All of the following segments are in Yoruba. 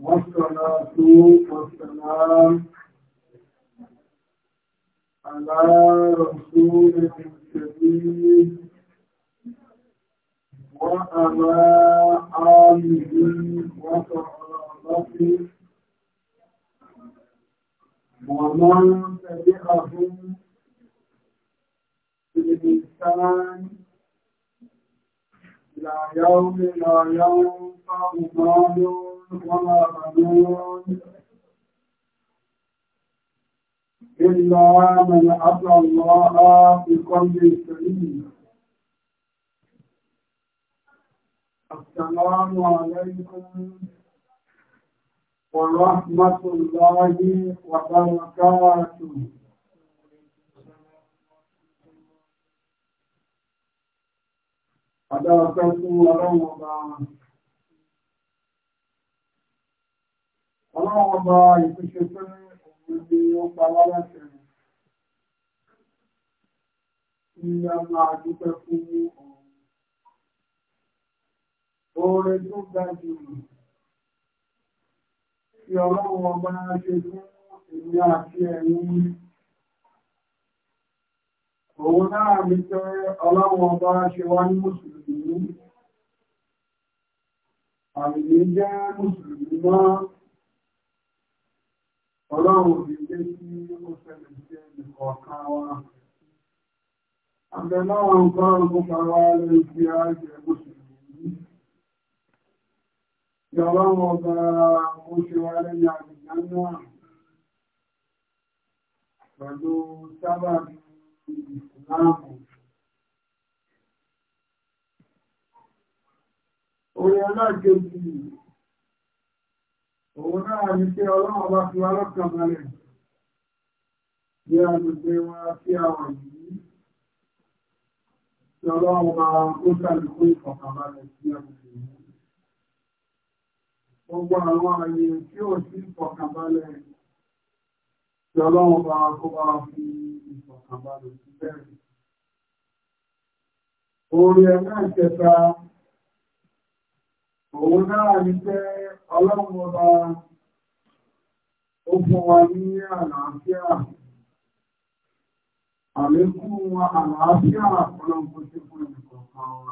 والصلاة والسلام على رسول الكريم وعلى آله وصحابته ومن تبعهم بإحسان إلى يوم لا ينفع مال ولا بنون إلا من أتى الله بقلب سليم السلام عليكم ورحمة الله وبركاته Adáwọ̀pẹ́ ọlọ́run ọba ọlọ́run ọba ìpínṣẹ́ pé òun ni a máa dúpẹ́ fún ọ̀run. Oore tó ga jù tí ọlọ́run ọba ṣe fún èmi àti ẹ̀yìn òun náà ní pé ọlọ́wọ́n bá ṣe wá ní mùsùlùmí àmì ní jẹ́ mùsùlùmí mọ́ ọlọ́run òbí jẹ́ sí ó ṣẹlẹ̀ sí ẹnì kọ̀ọ̀kan wa àbẹ̀lọ́wọ́ nǹkan ọgbọ́n wa lórí fi ààjẹ mùsùlùmí ìsìláàmù. Orin aláàjòjì òun náà ní pé ọlọ́run bá fi wá lọ́kàn balẹ̀ bí a lè gbé wá sí àwọn yìí tí ọlọ́run bá ó sàlùkú ìfọ̀kànbalẹ̀ sí àgbègbè yìí. Gbogbo àwọn àyè tí ò sí ìfọ̀kànbalẹ̀ Kí ọlọ́run bá kó bá fi ìfọ̀kànbalẹ̀ sí bẹ́ẹ̀. Orí ẹ̀mọ́ ìkẹta, òun náà ní pé ọlọ́run ọba ó fún wa ní àlàáfíà. Àlékún àlàáfíà ọlọ́run tó fún ẹnìkọ̀ọ̀kan wa.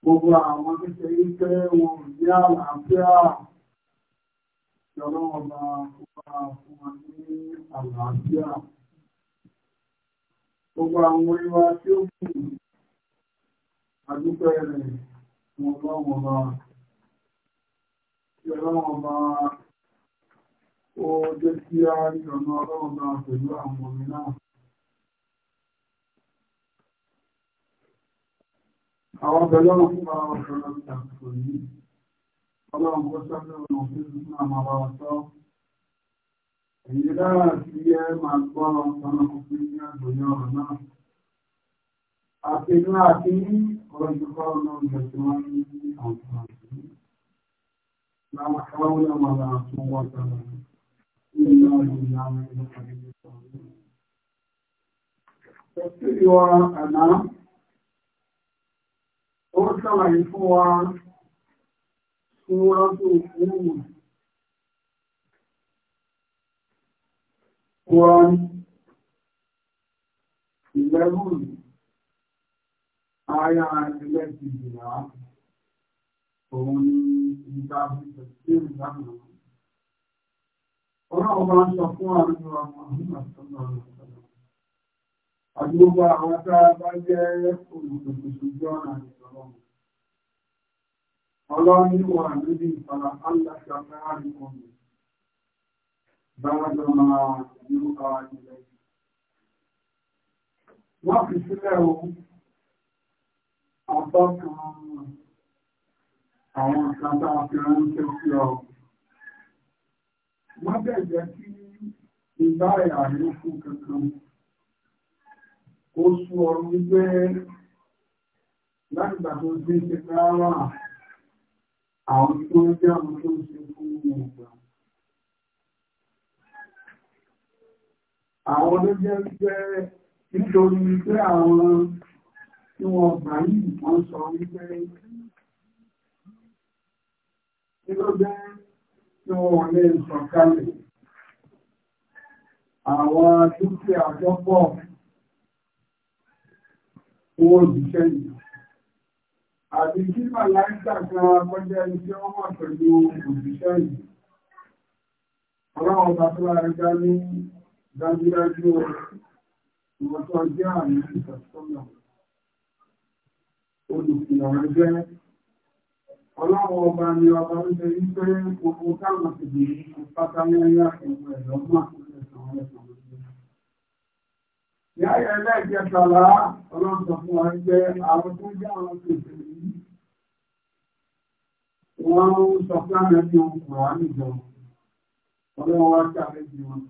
Gbogbo àwọn tó ṣe yí pé wọn ní àlàáfíà. Ìjọba ọba máa fún wọn ní àlàáfíà. Gbogbo àwọn oríwá tí ó mú àdúgbò rẹ̀ wọn lọ́wọ́n bá. Tí ọlọ́wọ́n bá ó jẹ́ kí á rí ọ̀nà ọlọ́wọ́n bá pẹ̀lú àwọn ọmọ náà. Àwọn ọ̀bẹ̀lọ́nà fún àwọn ọ̀sán lọ́wọ́ ìtàkùn yìí. Ọlọ́run kó sọ́nà ọ̀nà fún Ẹ̀yin dára tí ẹ máa gbọ́ ọ̀sán ọkùnrin ní àgbòyẹ ọ̀rọ̀ náà. Àpinú àti ní ọ̀rọ̀ ìjọba ọ̀nà ọ̀gbẹ̀ tí wọ́n ní àǹfààní. Láwọn káwọn ọmọ náà tún wọ́n tẹ̀lé. Nínú ọ̀rọ̀ ìlànà ìjọba ìjọba ọ̀gbẹ̀. Ẹ̀sìn ìwà àná, ó sàlàyé fún wa, fún wọn tó fún wọn. Quran 11, Ayah 11 òun ni ìgbà ìgbẹ̀sílẹ̀ lánàá. Ọlọ́run bá ń sọ fún àrùn ọmọ ìgbàsọ́nà ọ̀sọ̀nà. Àdúgbò àwọn tá a bá jẹ́ olùgbòsòjọ́ ọ̀nà ìsọ̀rọ̀. Ọlọ́run wà níbi ìfàlà aláṣà fẹ́ àríkọ̀ọ̀nà báwọ́dọ́mà nínú àwọn ilẹ̀. Wọ́n fi sílẹ̀ ohun àtọ́kùn àwọn ìkàtà àfihàn tó fi ọ̀. Wọ́n bẹ̀rẹ̀ kí ìgbà ìrànlú fún kankan. Ó sú ọrún wípé láìgbà tó gbé ṣe káàrà àwọn tó jẹ́ àwọn tó ṣe fún ìgbà. àwọn olójẹ́ jẹ́ nítorí pé àwọn tí wọ́n gbà yìí wọ́n sọ wípé tí ló jẹ́ tí wọ́n lè sọ̀kalẹ̀ àwọn dúkìá àjọpọ̀ owó òṣìṣẹ́ yìí àti kí màláìsà kan akọ́jẹ́ iṣẹ́ wọ́n wà pẹ̀lú òṣìṣẹ́ yìí ọlọ́run bàbá rẹ̀ dá ní dájúdájú ìwọ̀n tó jẹ́ àmì ìtàṣọ́nà olùfihàn rẹ̀ jẹ́ ọlọ́wọ́ ọba ni ọba ń ṣe wípé gbogbo táwọn ti bèèrè pátá yáyá ẹ̀wọ̀ ẹ̀lọ́gbà Yáyẹ ẹlẹ́ẹ̀kẹtàlá ọlọ́sọ̀ fún wa jẹ́ àwọn tó jẹ́ àwọn tètè yìí. Wọ́n ń sọ fún àmẹ́bí ohun kùrọ̀ á nìjọ. Ọlọ́wọ́ wá ṣàlẹ́ jù wọn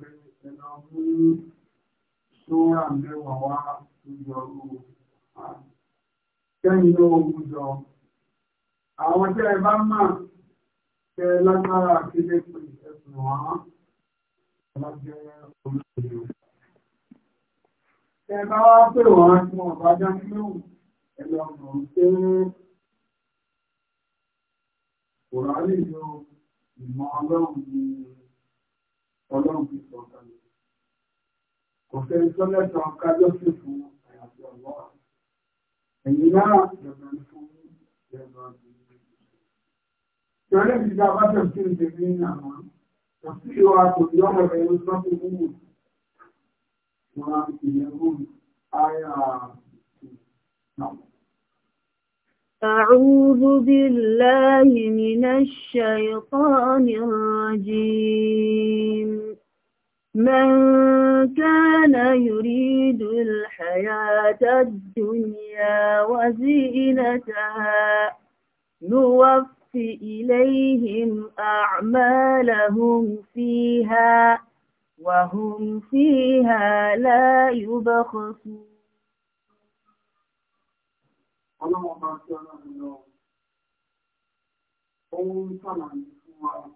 ẹ̀nà fún ṣóra mẹ́wàá wá lójú ọgbọ̀n. Kẹ́yìn ló ogun jọ. Àwọn tẹ́ ẹ bá máa tẹ lágbára kéde pé ẹ̀sùn wá lájẹ́ olóòjò. Tẹ́ bá wá pè wọ́n tí wọ́n bá já nínú ẹ̀lọ́ ọ̀nà pé kò rálẹ̀ ìmọ̀ ọlọ́run ni ọlọ́run ti sọ̀kalẹ̀ òfin tó lẹ́tọ̀ọ́ kájọ́ sí fún àyàfi ọ̀wọ́ ẹ̀yìn náà yọ̀gbọ̀n fún yọ̀gbọ̀n ìrọ̀lẹ́ ti dá bàtà sí ìdèmí àmọ́ kò sí ìwà tó yọ̀mọ̀ ẹ̀rọ sọ́kù wúwo wọn ìyẹ̀wò àyà أعوذ بالله من الشيطان الرجيم من كان يريد الحياة الدنيا وزينتها نوفي إليهم أعمالهم فيها وهم فيها لا يبخسون Ọlọ́run bá tí ọlọ́run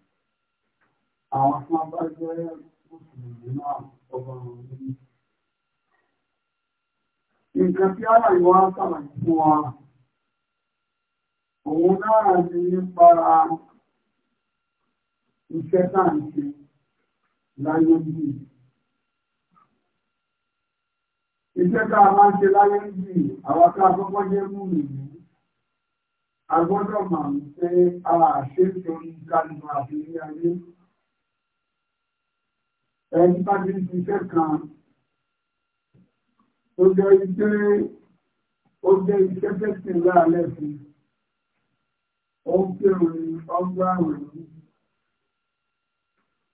àwọn tí wọ́n bá jẹ́ mùsùlùmí náà ọba àwọn ní. nǹkan tí ara ìwà sàlàyé fún wa òun náà ni nípa iṣẹ́ tá à ń ṣe láyé yìí. Iṣẹ́ tá a máa ń ṣe láyé yìí, àwọn tá a kọ́kọ́ jẹ́ mú nìyí. A gbọ́dọ̀ máa ń pé a ṣe é torí kálùmọ̀ àti ayé ẹni bá ti ń ṣiṣẹ́ kan tó jẹ́ iṣẹ́ ó jẹ́ iṣẹ́ tẹ́sí láàlẹ́ sí ó ń kírun ní ọgbà rẹ̀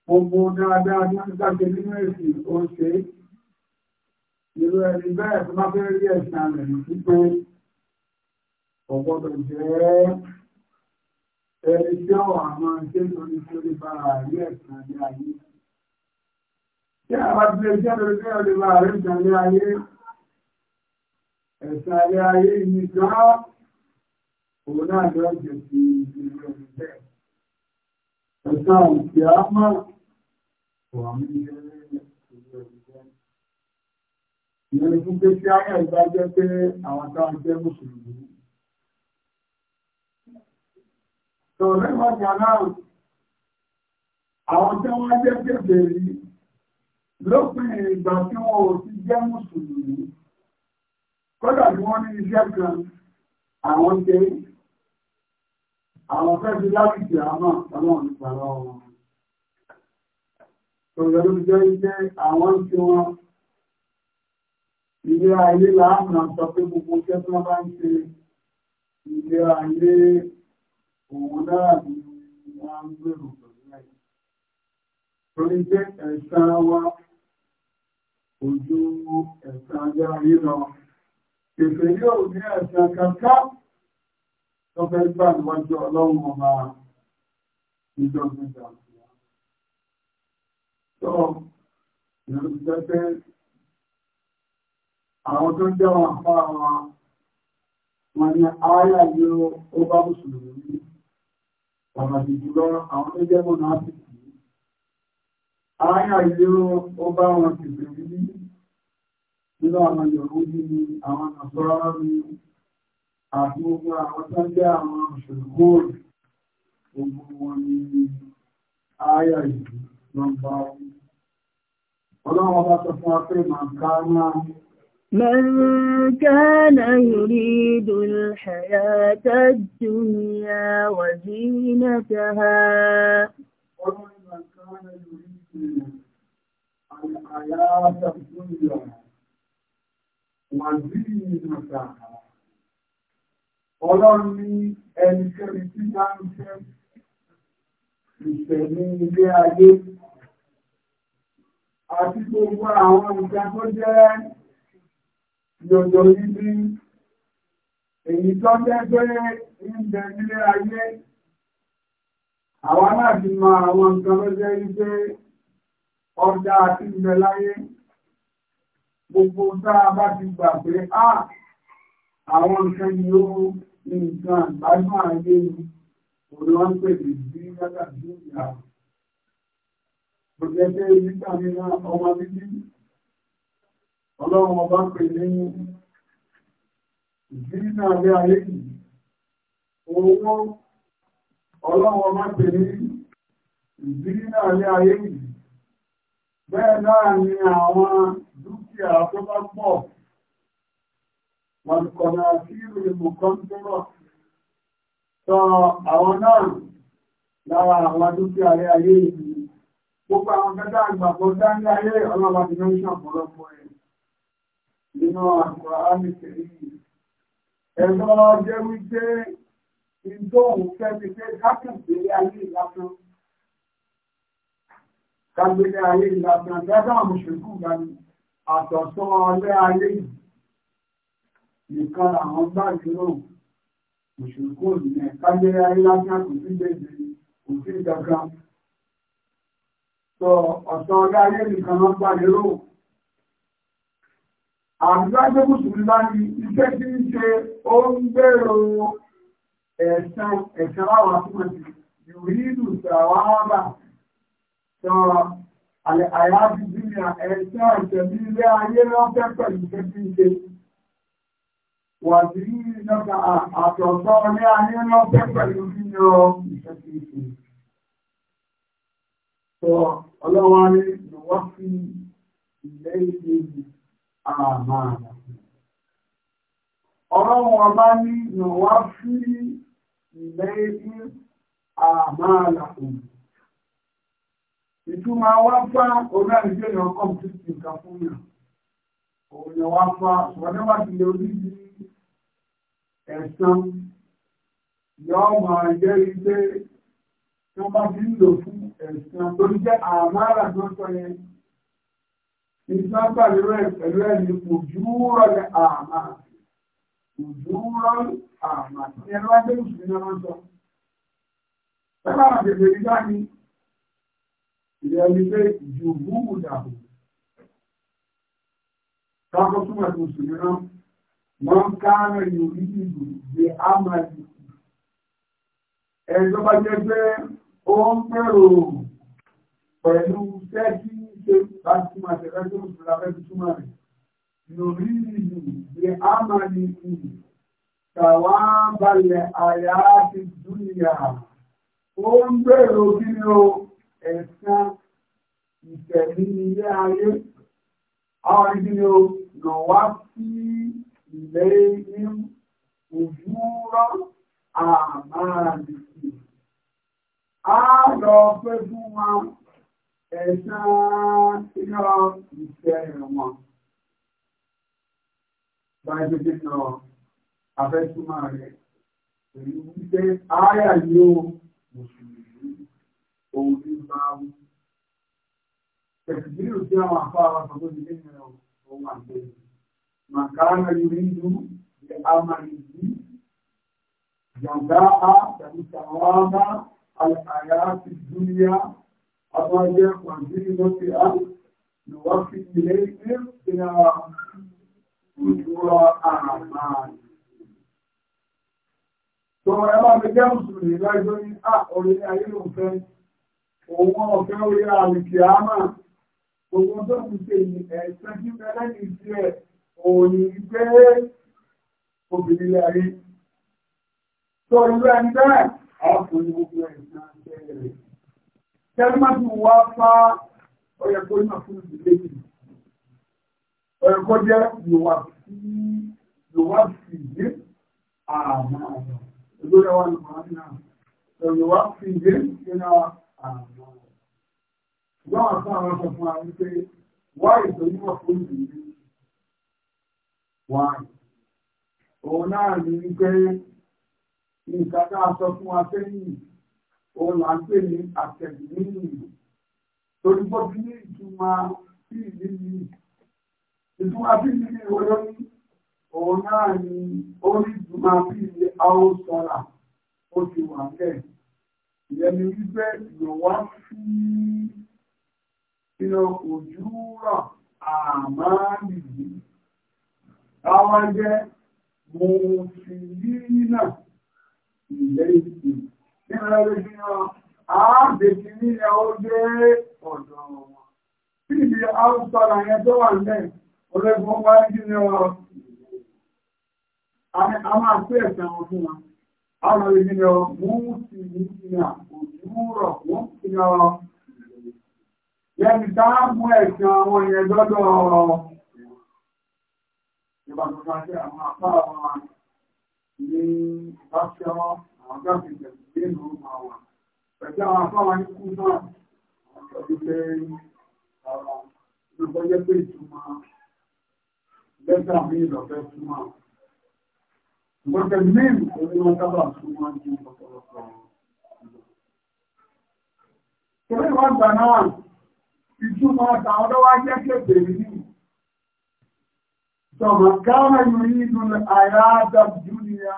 gbogbo dáadáa ní ìgbàgbé nínú èsì ó ń ṣe irú ẹni bẹ́ẹ̀ tó bá fẹ́ rí ẹ̀sìn àmì wípé kò gbọ́dọ̀ jẹ́ ẹni tí ọ̀wà máa ṣe lórí bá àárí ẹ̀sìn àmì ayé. Tí a bá ti lè jẹ́ lórí pé ọdún máa rí ìtàlẹ́ ayé, ẹ̀sàlẹ́ ayé yìí gan-an, òun náà lọ jẹ́ sí ìlú ọdún bẹ́ẹ̀. Ẹ̀sà òkè á mọ̀, wà mí jẹ́ ìlú ọdún bẹ́ẹ̀. Ìyẹn ni fún pé kí á mọ̀ pé àwọn táwọn jẹ́ mùsùlùmí lópin ìgbà tí wọn ò ti jẹ́ mùsùlùmí kódà bí wọ́n ní iṣẹ́ kan àwọn ṣe àwọn fẹ́ fi láti jẹ́ àmà ọlọ́run ìpàrọ̀ wọn tòrò ló jẹ́ iṣẹ́ àwọn tí wọ́n ilé ayé láàmà sọ pé gbogbo iṣẹ́ tí wọ́n bá ń ṣe ilé ayé òun náà ni wọ́n ń gbèrò pẹ̀lú ẹ̀ torí jẹ́ ẹ̀sán wọn ojú ẹ̀sán ajé ayé lọ. Èfè yóò ní ẹ̀sán kàkà tó fẹ́ gbà níwájú ọlọ́run ọba ìjọ gbígbà. Tó ìlú pẹ́pẹ́ àwọn tó jẹ́ wọn àpá wa wọn ni ààyà ní ó bá mùsùlùmí pàtàkì jùlọ àwọn tó jẹ́ mọ́nà áfíìsì. Ààyà ìlú ó bá wọn kìí من كان يريد الحياة الدنيا وزينتها ومن كان يريد الحياة الدنيا Ọlọ́run ní ẹnikẹ́ni tí bá ń fẹ́ ìṣẹ̀mí ilé ayé àti gbogbo àwọn ìjà tó jẹ́ yọ̀yọ̀ níbi èyí tó jẹ́ pé ìbẹ̀ nílé ayé àwọn aláàbí ma àwọn nǹkan ló jẹ́ wípé ọjà àti ìbẹ̀ láyé gbogbo táa bá ti gbà pé á àwọn nǹkan ni ó ní nǹkan àgbájúmọ̀ ayé ni òun wọ́n pè ní bí yàtà sí ìyá òjẹ́jẹ́ nígbà mìíràn ọmọ bíbí ọlọ́run ọba pè ní ìdílé alẹ́ ayé yìí owó ọlọ́run ọba pè ní ìdílé alẹ́ ayé yìí bẹ́ẹ̀ náà ni àwọn dúkìá tó bá pọ̀ wọn kọ̀nà sí ìrìnmù kan dúró sọ àwọn náà lára àwọn dúkìá rẹ̀ ayé ìlú gbogbo àwọn kẹta àgbàpọ̀ dání ayé ọlọ́wà ti ń ṣàpọ̀lọpọ̀ ẹ̀ nínú àkùrà ámìkẹ̀rí ẹ̀sọ́ jẹ́ wípé ìdóhùn fẹ́mi pé kákàndínlé ayé ìlàsán kágbélé ayé ìlàsán dáadáa mùsùlùmí gbani àtọ̀tún ọlẹ́ ayé nìkan àwọn gbàgbérò òṣèlú òyìnbó kájẹ́ ayé lásán kò sí gbèsè kò sí ìjọkan sọ ọ̀tọ̀ ọlẹ́ ayé nìkan lọ gbàgbérò àbúgbàgbé mùsùlùmí bá ní iṣẹ́ tí ń ṣe ó ń gbèrò ẹ̀sán ẹ̀sán láwọn àtúmọ̀tì ìrìnlù sàwárà sọ àyájú àdúnyà ẹ̀ṣẹ́ ìtẹ̀bí ilé ayé lọ́fẹ́ pẹ̀lú tẹ́bí ilé. Wà sí lọ́ta àtọ̀sọ́ ilé ayé Ọlọ́run ọba ní lọ́wọ́ sí ilé ìlú àmàlà òun ìtumọ̀ wá fá orí àìjẹ́ ìyàn kọ́mpútì nǹkan fún yàn òun yàn wá fá ṣùgbọ́n ní wàá ti lè orí sí ẹ̀sán yọ máa jẹ́ ilé tí wọ́n bá fi ń lò fún ẹ̀sán tó ń jẹ́ àmàrà tó sọ yẹn ìsán pàdé rẹ̀ pẹ̀lú ẹni kò júwúrọ̀ ní àmà kò júwúrọ̀ àmà ní ẹni wá dé ìṣúná máa ń sọ. Bẹ́ẹ̀ bá wà bèbè rí ilé ẹni pé ìjù búrú dàbò káàkó túnmọ̀ tó sì mìíràn wọ́n káàrẹ̀ yorí ìlú di amadi ẹjọ́ bá jẹ́ pé ó ń pẹ̀rọ pẹ̀lú sẹ́kí ṣe bá túnmọ̀ tẹ̀lé tó sì lábẹ́ túnmọ̀ rẹ̀ yorí ìlú di amadi ìlú tàwa balẹ̀ àyà ti dúnìyà ó ń ẹ̀sán ìtẹ̀lé ilé ayé àwọn ìdílé o lò wá sí ilé ní òjúrọ̀ àmàlìkì á lọ pé fún wa ẹ̀sán iná ìṣẹ̀rẹ̀ wọn báyìí tó ti lọ afẹ́sùnmọ́ rẹ̀ pẹ̀lú wípé ááyà yóò mùsùlùmí òun ní máa wú. Tẹ̀sìtìrìlù tí àwọn àfá wa sọ pé nílé ìrìn òun àgbẹ̀rẹ̀. Màkàrà yorí inú ní a máa ní ìdí. Yàndá a tàbí sàwárá àyà ti dúnyá. Àwọn ẹgbẹ́ pàdé lọ́pì á lò wá fi ilé ilé ṣe àwọn ìṣúra àmàlì. Ah, fẹ́ òun ọ̀fẹ́ orí àrùkì àmà gbogbo tó ti ṣe ẹ̀sẹ̀ tí bẹ́lẹ̀ ní tiẹ̀ òun ìgbé obìnrin lẹ́rí tó irú ẹni bẹ́ẹ̀ ọkùnrin gbogbo ẹ̀sán tẹ́lẹ̀ tẹ́lẹ̀mọ́tì wá fá ọ̀yẹ̀kọ́ ní àfúrú ìdílé ọ̀yẹ̀kọ́ jẹ́ yòwà sí yòwà sí ìdí àmà ọ̀dọ́ ìlú rẹ̀ wà ní màá náà yòwà sí ìdí nínú àmọ́. Ìgbọ́n àti àwọn sọ fún wa wípé wá ètò yíwọ̀ fún ìdílé wá. Òun náà ní wípé nǹkan tá a sọ fún wa sẹ́yìn òun là ń pè ní àtẹ̀lẹ́yìn. Torí bọ́ bí ní ìtumọ̀ sí ìdí yìí. Ìtumọ̀ sí ní orí ìyẹn ni wípé yòówá sí iná ojú rà àmáàlìyí táwọn jẹ́ mùsùlùmínà ìlẹ́ ìsìn nígbà tó fi hàn áàbèkì ní ìyàwó jẹ́ ọ̀dọ̀ wọn tí ibi áùsọ̀rọ̀ àyẹn tó wà nílẹ̀ ọ̀rẹ́gbọ́n wáyé kí ni wọn a máa pé ẹ̀sẹ̀ wọn fún wọn àwọn ènìyàn mú sí ìyà òjúrọ̀ wọ́n fi ọ lẹ́ni tá mú ẹ̀sìn àwọn èèyàn lọ́dọ̀ ọ̀rọ̀ ìbàdàn àti àwọn apá àwọn ní ìbáṣẹ́ àwọn gbàgbẹ̀jẹ̀ nínú àwà pẹ̀lú àwọn apá wọn ní kú náà Mùsùlùmí oníwọ́n sábà fún wọn ní ọ̀pọ̀lọpọ̀. Torí wọ́n gbà náà, ìtumọ̀ àtàwọn ọlọ́wà jẹ́ kéèkéèrè ní. Sọ̀mà káàmà yóò ní ìlú àyájá Júlíà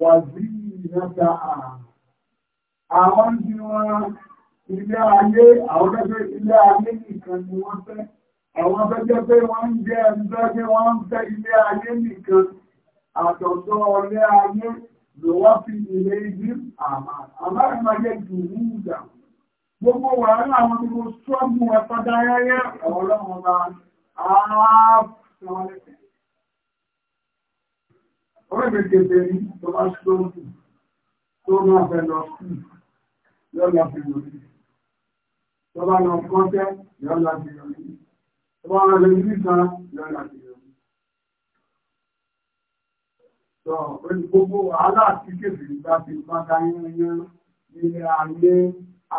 wà sí ìrẹ́ta àwọn tí wọ́n ilé ayé, àwọn tẹ́fẹ́ ilé ayé nìkan ni wọ́n fẹ́. Àwọn tẹ́jẹ́ pé wọ́n ń jẹ́ ẹgbẹ́ pé wọ́n ń fẹ́ ilé ayé nìkan àjọ̀dọ́ ọlẹ́ ayé ló wá fi ilé ibi àmà aláìmáyé dùnú ìjà gbogbo wàhálà àwọn tó sọ́gbù ẹ̀fọ́dá ayẹyẹ ọlọ́run bá ààbùsọ̀rẹ́fẹ́ orílẹ̀-èdè ní tó bá sọ́gbù tó náà fẹ́ lọ sí lọ́la fi lórí tó bá lọ kọ́tẹ́ lọ́la fi lórí tó bá lọ pẹ̀lú gbogbo wàhálà àti kèfì ìgbà ti padà yányán ilé ayé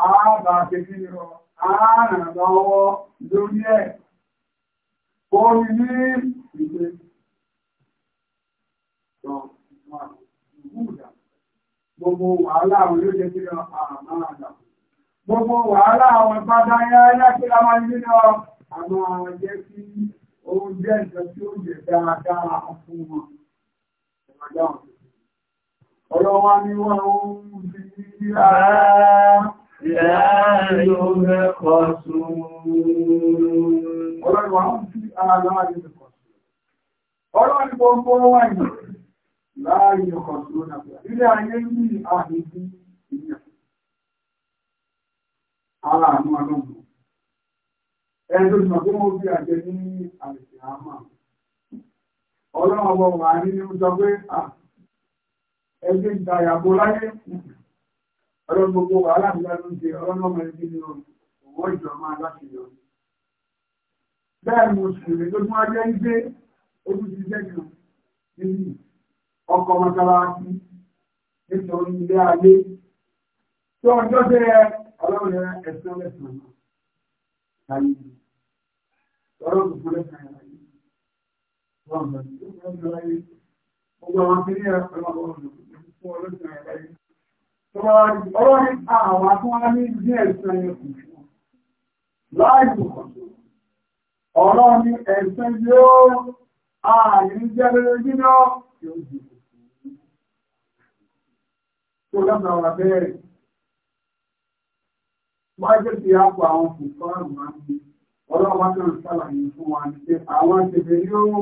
ààbà kékeré rọ ààrùn lọ́wọ́ lórí ẹ̀ orí ní ìgbé gbogbo wàhálà àwọn yóò jẹ́ kíra àmà àdà gbogbo wàhálà àwọn ìpadà yányán kí a máa nínú àmà jẹ́ kí oúnjẹ ìjọ tí ó jẹ dáadáa fún wọn Ọlọ́wà ni wọ́n ń ahụ sí ara láàrin ọmọkọ̀ ń ni gbogbo wà ní láàrin ọkọ̀ sún Ilé ayé ní àhìdí ìyàn. Ara àánú Ẹjọ́ bí àjẹ́ ní àmà. ọlọ́run ọmọ wà ní sọ pé ẹgbẹ́ ìdáyàbò láyé ọlọ́run gbogbo wà láàrín ṣe ọlọ́run ọmọ ẹgbẹ́ nínú owó ìjọba láti yọ bẹ́ẹ̀ mo sì rè lójú ajé ń gbé ojú ti jẹ́ kan níbi ọkọ̀ mọ́sálásí nítorí ilé ayé tí ọjọ́ tẹ ọlọ́run ẹ̀sán lẹ́sàn-án láyé ọlọ́run fún lẹ́sàn-án Ọ̀rọ̀ ní àwọn akọ́wọ́n ní ilé ẹ̀sẹ̀ ẹ̀kùn fún láìpùpọ̀. Ọ̀rọ̀ ní ẹ̀sẹ̀ yóò ààrin jẹ́ lórí jíná yóò jù. Tó dábà wà bẹ́ẹ̀. Máa jẹ́ ti àpò àwọn kùkọ́ àrùn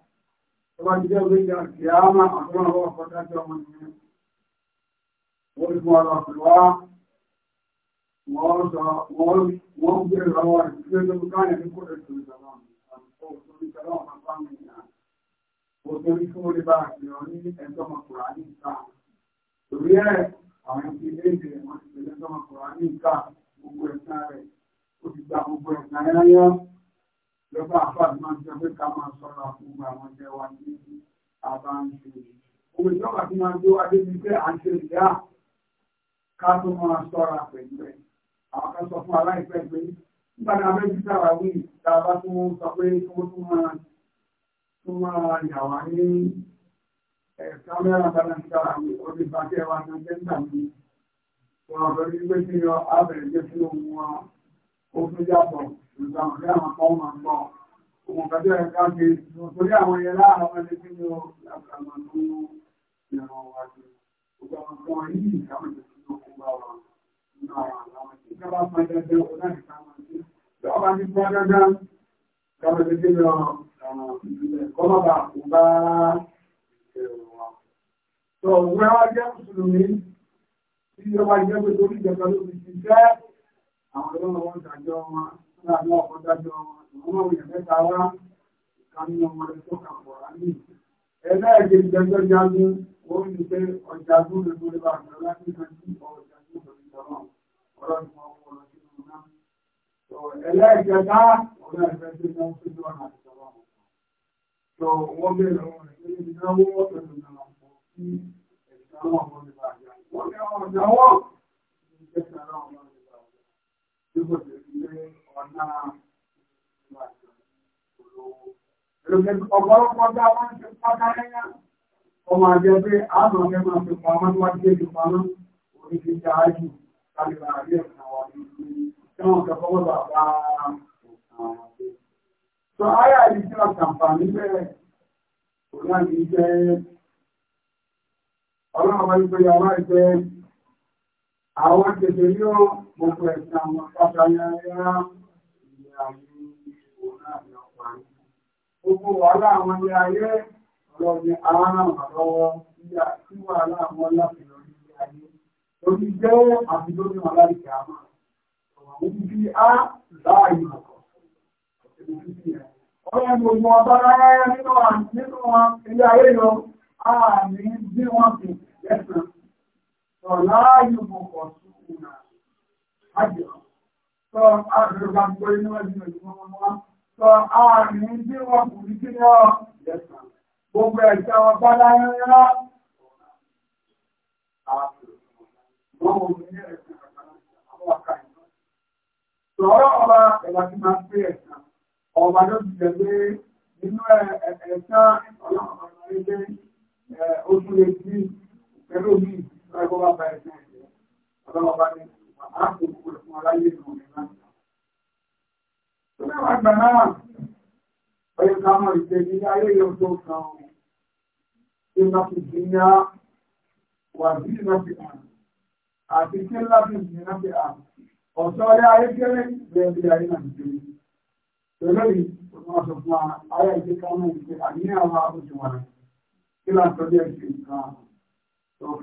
wọ́n jẹ́ orílẹ̀ àti àmà àwọn ọwọ́ ọ̀pọ̀dájọ́ ọmọ ìrìn wọ́n mú ọ̀rọ̀ pẹ̀lúwá wọ́n gbé ìrọwọ́ ìgbésẹ̀ tó káyẹ̀ ní kò ètò ìjọba òtòrí fún orí bá àfihàn ní ẹ̀ńtọ́mọkùnrin ní ìta torí ẹ̀ àwọn ti léde wọn ti pèlè ẹ̀ńtọ́mọkùnrin ní ìta gbogbo ẹ̀sán rẹ̀ ó ti gba gbogbo ẹ̀sán ẹ̀yán lọ́gbà àfáàdì máa ń jẹ́ pé ká máa sọ̀rọ̀ àfúgbà àwọn jẹ́ wa ní àbá ń ṣe. Òwe ìjọba tí máa ń gbé wájú ni pé à ń ṣe ìyá ká tó máa sọ̀rọ̀ pẹ̀lú ẹ̀. Àwọn kan sọ fún aláìpẹ́ pé nígbà tí a fẹ́ jíjà wà wí tá a bá tún sọ pé kí wọ́n tún máa tún máa yà wá ní kámẹ́rà bára sára wí ó lè wa ní ẹgbẹ́ nígbà mi. Wọ́n ọ̀dọ́ ní pé kí wọ́n á ó wá jẹ́ mùsùlùmí tí ọba jẹ́ pé ìjọba ló fi àwọn ọlọ́run wọn dájọ́ wọn nígbà náà ọkọ̀ dájọ́ wọn àwọn ọmọ èèyàn mẹ́ta wá ìkànnì ọmọ rẹ̀ tó kà pọ̀ ráyè ẹlẹ́ẹ̀kẹ́ ìjọjọ́ jágún ó ń pé ọjà gúnlẹ̀ tó lè bá àjọ láti kan sí ọjà gúnlẹ̀ ìjọba ọ̀rọ̀ ni wọ́n wọ́n lọ sínú náà ẹlẹ́ẹ̀kẹta ọ̀rọ̀ ẹ̀fẹ́ tó lọ sínú ọ̀nà ìjọba wọn tó wọ́n bẹ̀rẹ̀ wọn rẹ̀ pé ìnáwó ọ̀pẹ̀lú náà pọ̀ sí ẹ̀ka náà wọ́n lè bá àjọ wọ́n ní ọ̀nà ìjọwọ́ bí kò sì fi lé ọ̀nà ìwà ìṣòro. Èròjẹ́ ọ̀pọ̀lọpọ̀ bí àwọn ti pátá lẹ́yà. Ọmọ àjẹ́ pé àwọn ọ̀gẹ́ máa fi pamọ́ níwájú èdè pamọ́ orí ti já jù kálíbà àbí ẹ̀sìn àwọn ọ̀gẹ́ tí wọ́n kẹ́ fọwọ́ bà ọlọ́run ọba ìpẹ́yà ọlá àwọn tètè ní ọ gbogbo ẹ̀sìn àwọn pátáyáyá ilẹ̀ ayé òun náà ní ọ̀pá gbogbo wàhálà àwọn ilé ayé ọlọ́ọ̀ni aráàmà lọ́wọ́ sí wàhálà àwọn láti lọ ní ilé ayé lórí jẹ́ àti lórí aláìkè àmà òun fi á láàyè ọ̀kọ̀ ọlọ́run gbogbo ọba rárá nínú ilé ayé lọ àmì bí láàyè mọ̀kọ̀ sùkúnà àjọ sọ àgbẹ̀gbàgbọ́ inú ẹ̀sìn ìwọ̀n wọn sọ ààrin tí wọ́n kù ní kíní ọ̀ lẹ́sà gbogbo ẹ̀sẹ̀ wọn bá láyé rárá Sọ̀rọ̀ ọba ẹ̀bà tí máa pé ẹ̀sán, ọba ló ti jẹ́ pé nínú ẹ̀ẹ̀ẹ̀ẹ̀sán ọlọ́pàá ilé oṣù lè Ọlọ́run bá bá ẹ̀sìn ẹ̀sìn. Ọlọ́run bá ní màá kò kúrò fún aláyé ìlú mi náà. Tó náà wà gbà náà, ọyẹ ká mọ̀ ìṣe ní ayé yóò tó kan o. Ṣé máa fi dín ní á? Wà sí ìlú ti hàn. Àti ṣé ńlá fi dín ní hàn? Ọ̀sọ́ ọlẹ́ ayé kéré bẹ́ẹ̀ bí ayé Nàìjíríà. Pẹ̀lú yìí, wọ́n sọ fún wa, ayé ìṣe ká mọ̀ ìṣe àníyàn wa ó ان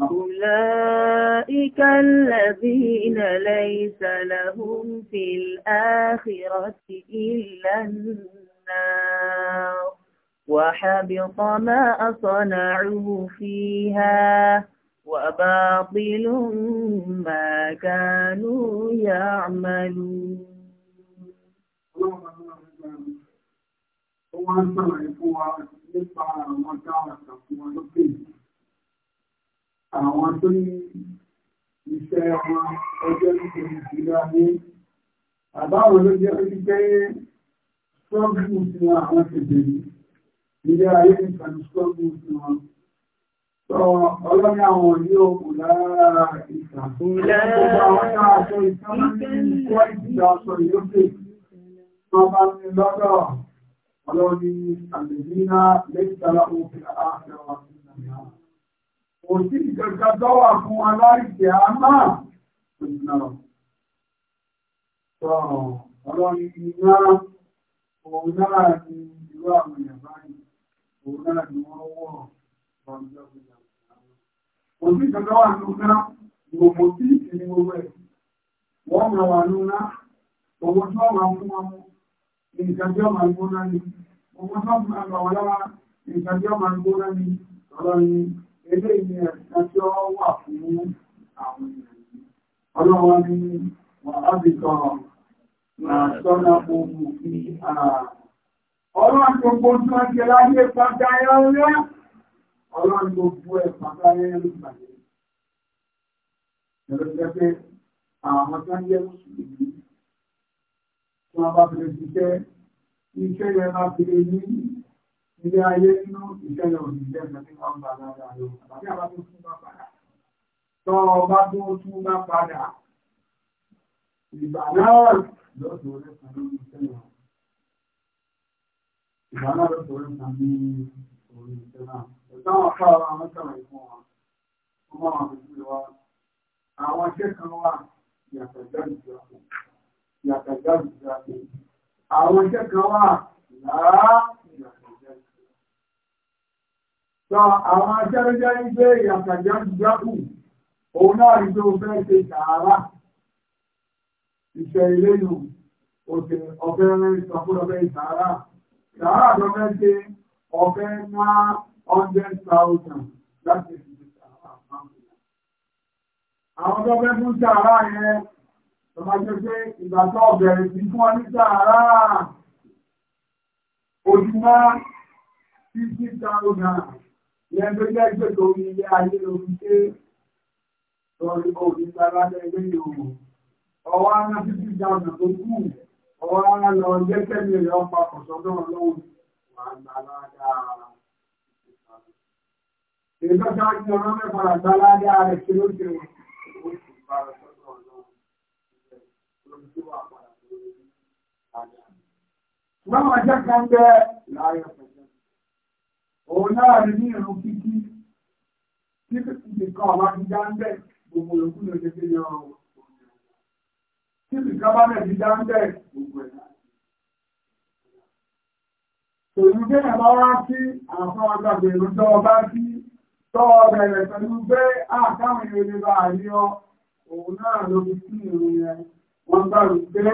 أولئك الذين ليس لهم في الآخرة إلا النار وحبط ما صنعوا فيها وباطل ما كانوا يعملون Wọ́n ń sọ̀rọ̀ ìfún wa nípa àwọn dára àtàkùn wọn lókè. Àwọn tó ní iṣẹ́ wọn ọjọ́ nítorí ìjìlá ní àbáwọn ló jẹ́ pé ṣọ́gbùn sí àwọn kèbèrè. ilé ayé ní ìfàdùsọ́gbù fún wọn. Ọlọ́rin àwọn ní okùn lára ìta. Gbogbo àwọn ní aṣọ ìtọ́lá ní ìkọ́ ìdíjà aṣọ ìlókè. Wọ́n bá ní lọ́dọ̀ ọlọ́rin àgbègbínà lẹ́gbẹ̀tara òfin àáfẹ́ wa sí ìlànà. Kò sí ìjọba dọ́wà fún alárìkẹ́ òun náà ni wọ́n wọ̀ ọjọ́ ìgbà òsì kankan wà nínú náà gbogbo tí ìsinmi gbogbo ẹ̀ wọ́n máa wà nínú náà owó tí wọ́n máa fún wọn mú nǹkan tí wọ́n máa gbó náà ni owó tí wọ́n máa gbà wọ́n lára nǹkan tí wọ́n máa gbó náà ni ọ̀rọ̀ ni eléyìí ni ẹ̀sán tí ó wà fún àwọn ènìyàn ọlọ́wọ́ ni wàhálà bìkan náà sọ́nà gbogbo fi àà Ọlọ́run gbogbo tí wọ́n ṣe láyé pàtà ẹ̀rọ ọlọ́run gbogbo ẹ̀ pàtà ẹ̀rọ ìgbàlẹ̀. Ẹ̀rọ jẹ́ pé àwọn tó ń jẹ́ mùsùlùmí tí wọ́n bá fẹ́ ṣiṣẹ́, iṣẹ́ yẹn bá fi lè ní ilé ayé nínú iṣẹ́ yẹn ò ní jẹ́ ẹ̀sẹ̀ tí wọ́n gbà lára lọ. Àbí àbá tó tún bá padà. Tọ́ ọba tó tún bá padà. Ìgbà náà lọ́dọ̀ ìgbàlá ló sọ orí kan ní orí ìṣẹ́ náà ẹ̀sán wọn fún àwọn àwọn sọ̀rọ̀ ìfún wọn ó mọ àwọn ìlú wa àwọn iṣẹ́ kan wà yàtọ̀ jáde sí àpò yàtọ̀ jáde sí àpò àwọn iṣẹ́ kan wà láà yàtọ̀ jáde sí àpò. sọ àwọn ajẹ́rẹ́jẹ́ ń gbé yàtọ̀ jáde sí àpò òun náà ní pé fẹ́ ṣe sàárà ìṣẹ̀ ilé Sàárà tó fẹ́ ṣe 100,000 láti ìdí sàárà fáńkìlá. Àwọn tó fẹ́ fún sàárà yẹn, tó máa jẹ́ pé ìgbà tó bẹ̀rẹ̀ sí fún ọ ní sàárà ojúmọ́ 50,000 yẹn tó jẹ́ ìgbè tó ní ilé ayé lórí pé sọ̀rọ̀ òní sàárà lẹ́gbẹ̀ẹ́ yòó. Ọwọ́ ọwọ́ ara lọ jẹ́ kẹ́lì rẹ̀ ọpa ọ̀sọ́dọ̀ ọlọ́run wà gbàládà ìgbàjọ́ àti ọ̀rọ̀ mẹ́fà gbàládà rẹ̀ kí ló jẹ́ wọ́n Wọ́n máa jẹ́ kan jẹ́ láàrin ọ̀pẹ̀jẹ́. Òun náà rí ní ìrùn kíkí, kí nìkan ọ̀wá ti já ń bẹ̀ gbogbo ìrùn kúrò jẹ́ sí ọ̀rọ̀. Títì kábálẹ̀ ti dá ń bẹ̀ gbogbo ẹ̀dá. Tòun jẹ́ ẹ̀bá wá sí àwọn agbàgbè lójọ́ ọba sí tọ́ bẹ̀rẹ̀ pẹ̀lú pé àtàwọn ìrìnlẹ̀ bá rí ọ, òun náà ló fi sí ìrìn yẹn. Wọ́n gbàrù pé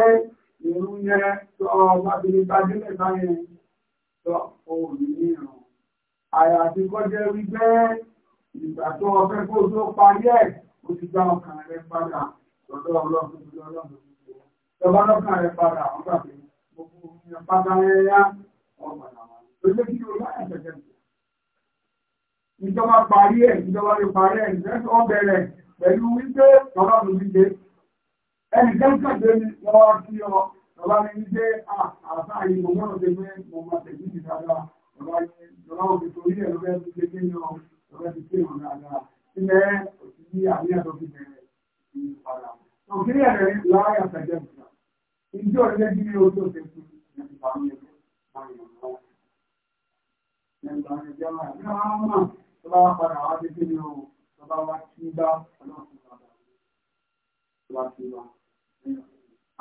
ìrún yẹn tọ́ bá ti ní gbajúmẹ̀ báyẹn tọ́ òun ní ìrùn. Àyàfi kọjẹ́ wípé ìgbà tó ọfẹ́ kó tó parí ẹ̀, ó ti dá ọkàn rẹ̀ padà lọ́dọ̀ ọlọ́run Ìjọba lọ́kàn rẹ̀ padà wọ́n gbàgbé gbogbo ìyẹn pátá yẹ́yá ọgbà làwọn. Lójú kí o láyà tẹ̀tẹ̀ tẹ̀. Ìjọba parí ẹ̀, ìjọba lè parí ẹ̀, ìjọba ọbẹ̀rẹ̀ pẹ̀lú wípé bàbá mi wípé ẹnì kẹ́kẹ́ gbé ní wọ́n kí ọ bàbá mi wípé àtàrà yìí mo mọ̀ pé mo máa tẹ̀lé ìdájọ́ bàbá yìí bàbá òbí torí ẹ̀ ló fẹ́ fi ṣe kí ọ ló fẹ́ ṣe ìrànlọ́wọ́ Nàìjíríà rẹ̀ láàyè àtàjẹ́ ìgbà. Ìjọ ilé bí ó tó ṣe fún ìgbà mi lọ, máa ń lọ. Nígbà ìjọba náà mà tó bá padà wá dé kíni o, tó bá wá kí bá ọlọ́run padà. Tó bá kí bá.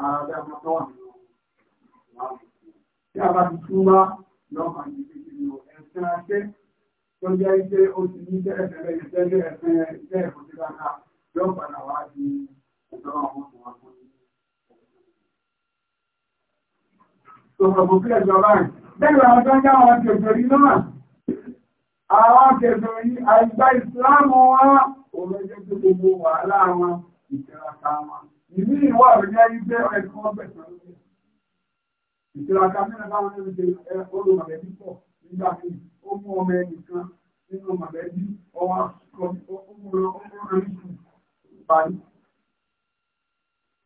Ara bí a máa tọ́wà nínú ìwádìí. Tí a bá ti tún bá lọ́kàn ní kíni o, ẹ̀sìn ajé tó jẹ́ iṣẹ́ oṣù ní tẹ́lẹ̀ tẹ́lẹ̀ tẹ́lẹ̀ ẹ̀sìn ẹ̀sìn ẹ̀kọ́ tí bá ká yóò padà wá di. Bẹ́ẹ̀rẹ̀ àwọn ọjọ́ àwọn kèfèrí náà, àwọn kèfèrí àìgbà ìsìláàmù wá, òmẹ́jẹ́ tó gbogbo wà láàwọn ìtìraka wọn. Ìlú ìwọ̀ rẹ̀ ní ayé jẹ́ ẹ̀kọ́ bẹ̀rẹ̀ ìtìraka mẹ́rin báwọn ẹgbẹ̀rẹ̀ olùmọ̀lẹ́bí pọ̀ nígbà tí ó mú ọmọ ẹnìkan nínú mọ̀lẹ́bí ọwọ́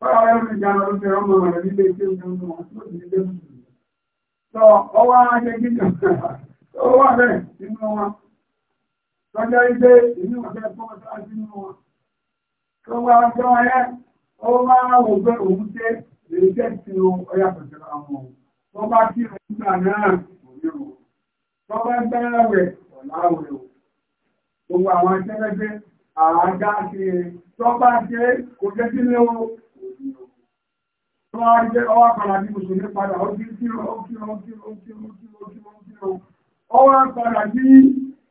Lọ́jọ́ ilé ìlú ọ̀fẹ́ fún ọjọ́ ajínú wọn. Tó wá ọjọ́ ẹ, ó máa wò pé òun tẹ́ lè jẹ́ tí ó ọya pẹ̀sẹ̀lá wọn. Tó bá kí ìgbà náà kò ní o. Tó àwọn akẹ́lẹ́gbẹ́ àágá ṣe tó bá kò jẹ́ sílé o wá rí jẹ́ ọwá padà bí mùsùlùmí padà ó kí kí ó kí ó kí ó kí ó kí ó kí ó kí ó ọwá padà bí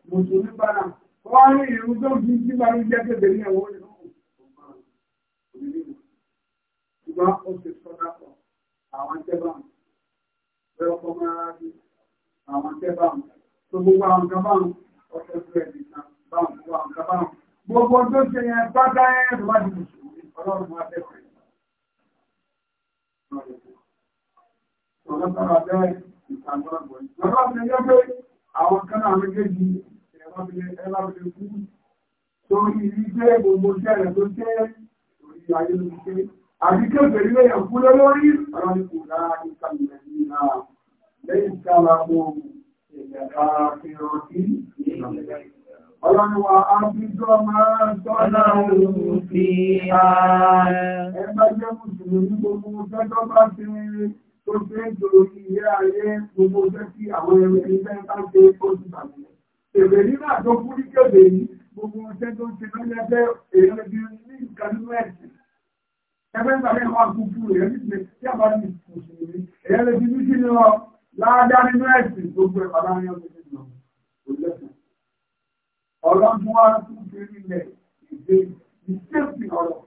mùsùlùmí padà wá rí ìrún tó kí kí bá rí jẹ́ kébè ní ẹ̀wọ́ ìlú ṣùgbọ́n ó ti sọ́dá pọ̀ àwọn tẹ́bà pé ọkọ̀ máa rí àwọn tẹ́bà tó gbogbo àwọn kan bá ọkọ̀ tó ẹ̀ nìkan bá gbogbo àwọn kan bá gbogbo tó ṣe yẹn bá dá ẹ̀ lọ́wọ́ ìmùsùlùmí ọlọ́run wá tẹ́bà Ọlọ́pàá bẹ́ẹ̀ ìtàgbọ́gbọ̀. Lọ́pàá fi jẹ́ pé àwọn kan náà méjèèjì ẹlábìlẹ̀ fún torí ilé gbogbo ṣẹlẹ̀ tó jẹ́ orí ayélujára. Àbíkẹ́ ìbẹ̀rẹ̀ yẹn fún lórí ọ̀rọ̀ ní kò dára ní kàmìlẹ̀ ní náà. Lẹ́yìn tí a máa mú ìyàrá fi rọ̀ sí ìgbàlẹ̀ Ọlọ́niwà àbíjọ́ máa ń tọ́lá òun fi ààrẹ. Ẹgbẹ́ jẹ́ Mùsùlùmí gbogbo ọjọ́ bá ti rí tó ṣe ń jòrò ìyẹ́ ayé gbogbo ọjọ́ sí àwọn ẹ̀rẹ́ ilẹ̀ bá ṣe ó ti bàbí. Èbè nígbà tó kú ní kébè yìí, gbogbo ọjọ́ tó ṣe lọ́lẹ́fẹ́ èèyàn bí ní nǹkan nínú ẹ̀sìn. Ẹgbẹ́ ń bàbá ẹ̀wọ̀n kúkú èèyàn ní ṣe tí a bá ní Mùsùlùmí. Èèyàn lè fi ní kí ni lọ láàdá nínú ẹ̀sìn gbogbo ẹ̀ ọ̀rọ̀ mú wá sí ìgbérí ilẹ̀ ìgbé ìgbésí ọ̀rọ̀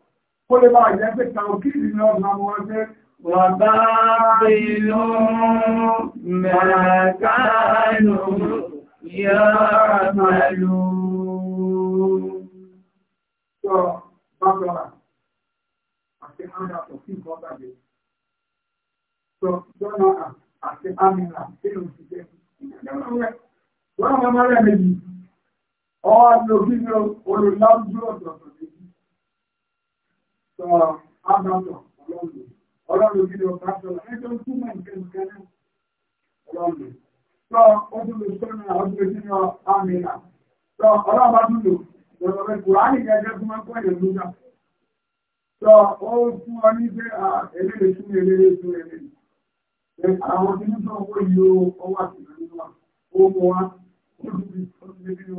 kó lè máa jẹ́ pé kàó kí ìrìn náà máa wọ́n jẹ́ wà bá ìlú mẹ́kánù yára màlú. Sọ bábọ́ra àti àmì àtọ̀kí nǹkan bàjẹ́. Sọ jọ́nà àti àmì àti èlò ìṣiṣẹ́. Wọ́n máa máa rẹ̀ méjì ọ̀nà òbíbi olùlájú ọ̀dọ̀dọ̀ méjì sọ ábàtọ̀ ọlọ́run ọlọ́run òbíbi ọ̀pásọ̀lá ẹjọ́ túmọ̀ nǹkan nǹkan náà ọlọ́run sọ ọdún lè sọ́nà ọdún lè sínú àmìnà sọ ọlọ́run bá tún lò lọ́wọ́ rẹ̀ kùránì máa ń kọ́ ẹ̀yẹ̀ lóga sọ ó fún ọ ní pé eléyè tún eléyè tún eléyè àwọn tí ń sọ owó yìí ó wà sí Kò sí kí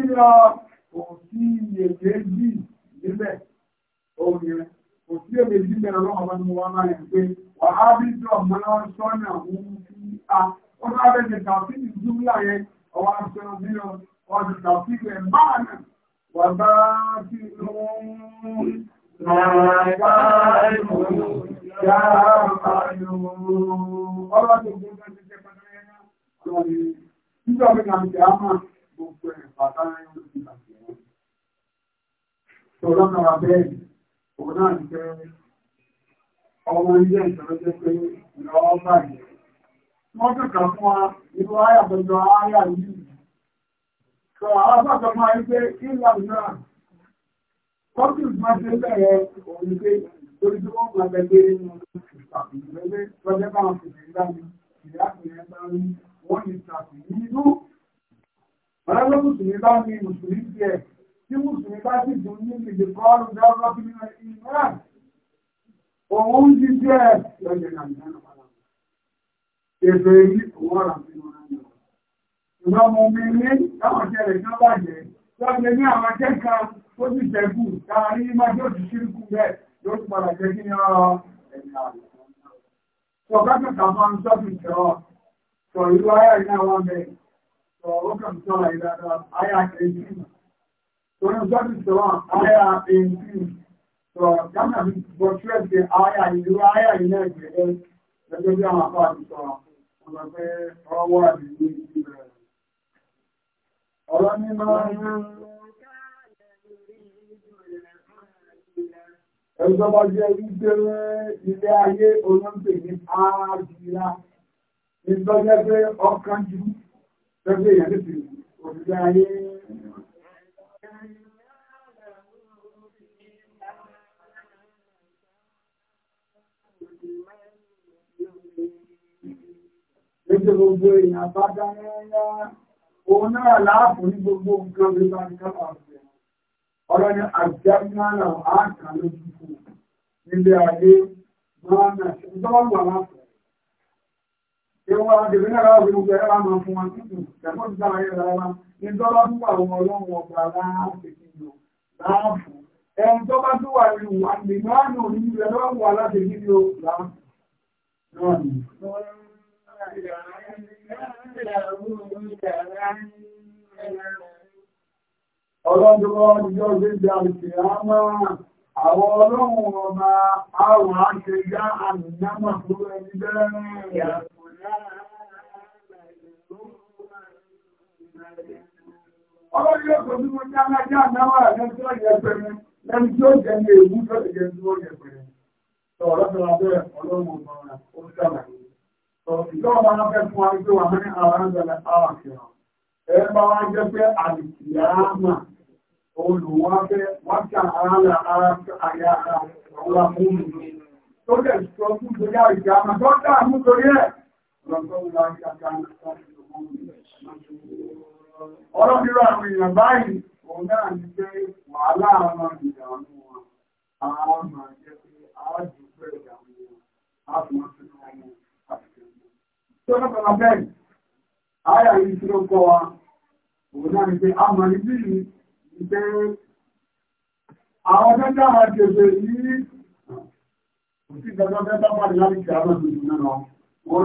lọ, kò sí ìyèké yìí níbẹ̀, òun yẹn, kò sí èdè yìí bẹ̀rẹ̀ lọ́wọ́ bá ní wọ́n máa yẹn pé, wà á bí jọ mọ́ sọ́nà òun sí a wọ́n bá bẹ̀rẹ̀ ṣe tàbílì júmùlà yẹn ọwọ́ aṣọ bí wọ́n ṣe tàbílì ẹ̀ máa nà wà bá sí lóhun Ìjọba ìgbàmìtì àmà gbogbo ẹ̀ pàtàkì ọdún ìgbàmìtì wọn. Ṣọ̀rọ̀ náà bẹ́ẹ̀ òun náà ń jẹ́ ọmọ ilé ìjọba jẹ́ pé ìrọ̀ ọ́bàá yìí wọ́n kàkà fún wa ìlú ayà pẹ̀lú ayà yìí. Sọ alábàtọ̀ máa ń gbé England náà. Scottish máa ṣe bẹ̀rẹ̀ òun pé torí tí wọ́n máa gbẹgbẹ́ nínú ìpàdé lọ́jọ́ bá wọn fìdí ńlá ni ìyá ìyẹn bá ń wọ́n ní ìtàkì nínú. Ọ̀rẹ́ ló mùsùlùmí bá ní mùsùlùmí tiẹ̀ tí mùsùlùmí bá ètò èyí wọ́n rà sí wọn náà. Ìgbà mọ̀ mi ní táwọn jẹ́rẹ̀ kan bàjẹ́, lọ́gbẹ̀ ní àwọn akẹ́kà tó ti tẹ̀kù káàrí má jẹ́ òtù ṣírùkù rẹ̀ yóò ti padà jẹ́ kí ní ọ̀rọ̀ ẹ̀yà. Sọ̀kátàkà máa ń sọ́fì sọ̀rọ̀, sọ ìlú ayá iná wa mẹ́, sọ ọkàn sọ̀rọ̀ ìdára ayá ẹ̀yìn. Sọ̀rọ̀ sọ́fì sọ̀rọ̀ ayá ẹ̀yìn. Sọ̀rọ̀ kánà bọ̀ Ọlọ́ ní máa ń ẹgbẹ́ bá jẹ́ wípé ilé ayé olóńpè ní ààbìlá. Ìgbọ́jẹ́ pé ọkàn jù, tẹ́gbẹ́ ìyẹn lè fi òṣìṣẹ́ ayé Lójú gbogbo èèyàn bá dáná òun náà láàbù ní gbogbo nǹkan bí bá ń kápá rẹ̀. Ọ̀rọ̀ ni àjẹ́mọ́nà àkà lójú kù nílé ayé máa nà sí ìjọba wà láàbù. Ìwọ àdìrí náà láàbù gbogbo ẹ̀rọ àmọ́ fún wọn tútù tẹ̀kọ́ ti dára yẹn rárá. Ìjọba tún wà wọn ọlọ́run ọba láàbù kìlọ̀ láàbù. Ẹ̀rùn tó bá tún Ọlọ́dúnrọ́ ọjọ́ gbígbà òkè àmà àwọn ọlọ́run ọba àwọn aṣẹjá àmìyàmà fún ẹni bẹ́ẹ̀. Ọlọ́dún yóò tó bí mo jẹ́ alájá àdáwà rẹ̀ tí ó yẹ pẹ̀rẹ̀ lẹ́ni tí ó jẹ́ ní èwú tó lè jẹ́ tí ó yẹ pẹ̀rẹ̀. Sọ̀rọ̀ lọ́sọ̀rọ̀ abẹ́rẹ̀ ọlọ́run ọba ó sàlàyé. Ìjọba bá fẹ́ fún àrígbé wà ní àwọn ọ̀rẹ́gbẹ̀lẹ̀ àwàkìrà. Ẹ bá wá jẹ́ pé àdìkìyàmà olùwáfẹ́ wákà àrálà àyà àwọn amúnú. Tó jẹ́ ìṣọ́ fún torí àìkìyàmà tó dá mú torí ẹ̀. Ọlọ́dúnrún àwọn èèyàn báyìí, òun náà ní pé wàhálà àwọn ìdààmú wọn, àwọn ọmọ àjẹ́ pé àádùúgbò ìdààmú wọn, á fún ọ̀sẹ̀ tí ó lọ́pàá bẹ́ẹ̀ ààyà yìí tí ó kọ́ wa òun náà a mọ̀ ní bíi ìgbẹ́ àwọn tẹ́jọ́ àwọn àjèjì yìí kò sí ìdájọ́ tẹ́ bá pàdé láti kí àwọn àjèjì náà lọ wọ́n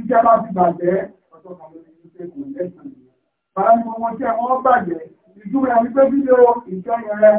Títẹ́ bá ti bàjẹ́ ọjọ́ kan lórí ìṣẹ́ kò lẹ́sàn yìí. Bàbá ni wọ́n tí àwọn bàjẹ́ ìjú rẹ̀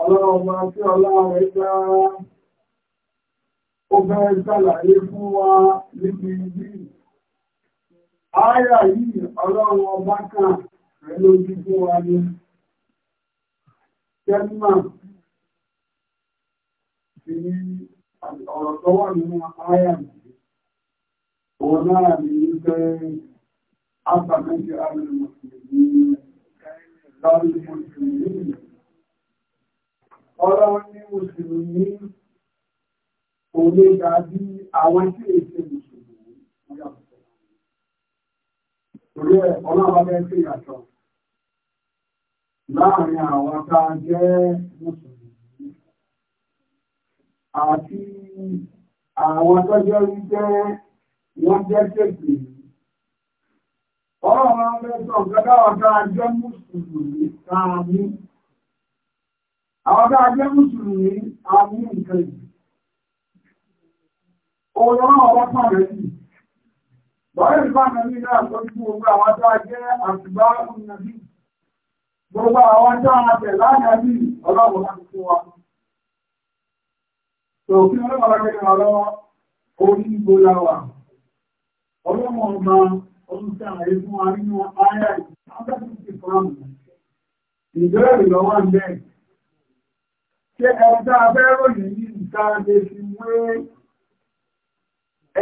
Ọlọ́run ọba tí ọlá rẹ̀ já ó bẹ́ẹ̀ fún wa níbi ibi. yìí ọlọ́run ọba kan rẹ̀ lójú fún wa ní. Kẹ́mà ti ọ̀rọ̀ tó nínú ààyà yìí. أفمن جعل المسلمين كالمسلمين ọlọ́run ní mùsùlùmí kò lè gbà bí àwọn tí èyí ṣe mùsùlùmí torí ẹ ọlọ́run bẹ́ẹ̀ ṣe yàtọ̀ láàrin àwọn tá a jẹ́ mùsùlùmí àti àwọn tó jẹ́ wípé wọ́n jẹ́ tètè yìí ọ̀rọ̀ máa ń bẹ́ẹ̀ sọ nǹkan táwọn tá a jẹ́ mùsùlùmí tá a mú àwọn tá a jẹ́ mùsùlùmí a mú nǹkan yìí ọlọ́rọ̀ ọba pàdé yìí bọ́ọ̀lù ìfàmì ní náà tó ti gbogbo àwọn tá a jẹ́ àtìgbà ònàbí gbogbo àwọn tá a tẹ̀ lánàbí ọlọ́run láti fún wa tòkí ọlọ́run ọlọ́run orí ìgbòláwà ọlọ́run ọba ọdún tí ààrẹ fún wa nínú ayá ìpàdásíkì fáàmù ìjọ́rẹ̀ ìlọ́wọ́ ń bẹ́ ṣe ẹ̀ta abẹ́rò yìí ìtàdé fi wé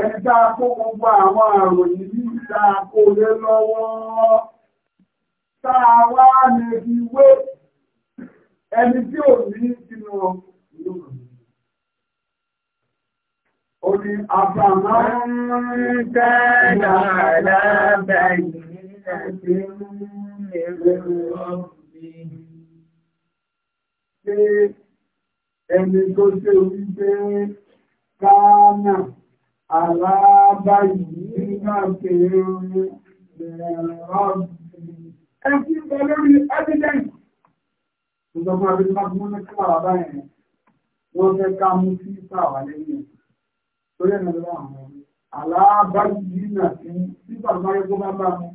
ẹ̀ta kó gbogbo àwọn àròyìn ní ìta kó lé lọ́wọ́ táà wá lè fi wé ẹni tí ò ní sínú ìlú Orí àbàmá ń tẹ́lá alábẹ̀yìn ẹ̀sìn mẹ́rin ọ̀gbìn. Ṣé ẹni tó ṣe wípé káánà alábẹ̀yìn nígbà kẹrin mẹ́rin ọ̀gbìn. Ẹ̀sìn bẹ lórí evidence. Ìjọba abẹ́lẹ́ bá gbọ́n ní kílára báyìí. Wọ́n fẹ́ ká mú sí ìta wà lẹ́yìn torí ẹ̀nà lọ́wọ́ àwọn aláàbáyé náà ti nígbà máa yẹ kó bá bá mu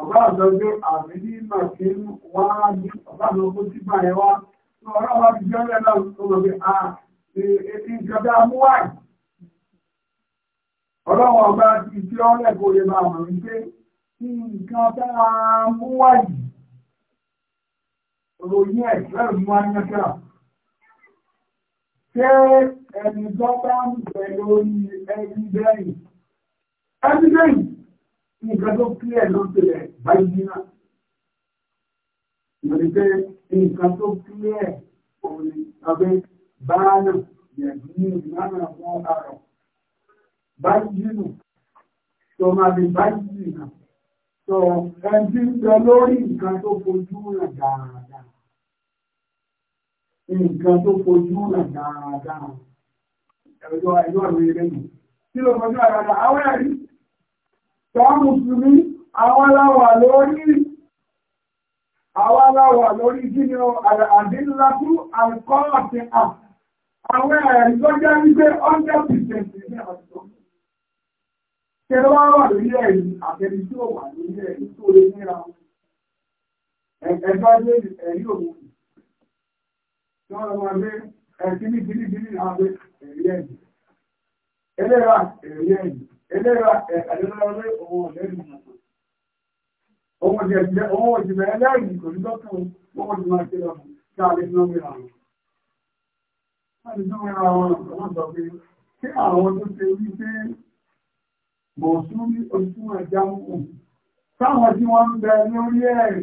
ọ̀gá àdọ́jọ́ àbí ní màkì ń wá ní ọ̀gá àdọ́jọ́ tí bá yẹ wá tó a ti ìjọba amúwà ọlọ́wọ́ ọba ti tí ọ̀rẹ́ kò lè máa mọ̀ wípé nǹkan tá a mú wáyé ròyìn ẹ̀ lẹ́rù mú ayẹ́kẹ́ àwọn ṣé ẹni tó bá ń bẹ lórí evidence evidence nǹkan tó clear ló tẹ̀lẹ̀ báyìí náà ìrìn pé nǹkan tó clear òun ni ọbẹ̀ báánà yẹ̀dí ní ìlànà fún àrọ̀ báyìí nù tó máa bí báyìí nà tó ẹni tí ń bẹ lórí nǹkan tó fojú rẹ̀ dáa nǹkan tó fojú hàn dáadáa ẹ̀rọ ẹ̀rọ àwọn eléyìí tí ló fojú hàn dáadáa àwọn ẹ̀rí tọ́ mùsùlùmí àwọn aláwà lórí àwọn aláwà lórí kí ni àdínlátú àkọ́ọ̀tì à àwọn ẹ̀rí tó jẹ́ wípé 100% ní ọ̀sán kẹrọ wá wà lórí ẹ̀rí àtẹni tí ó wà lórí ẹ̀rí tó lè níra ẹ̀ẹ́dọ́gbé ẹ̀rí òun Lọ́rọ̀ wọn lé ẹ̀kíní bíníbíní àwọn ẹ̀rí ẹ̀yìn. Eléra ẹ̀rí ẹ̀yìn. Eléra ẹ̀kàlélọ́rọ̀ lé òun ọ̀lẹ́nu mọ̀tò. Òun ọ̀jẹ̀ òun ọ̀jìnà ẹlẹ́rìí kò ní lọ́kàn wọ́n ti máa ṣe lọ sí àlẹ́ tí wọ́n mìíràn. Wọ́n Táwọn tí wọ́n ń bẹ lórí ẹ̀rí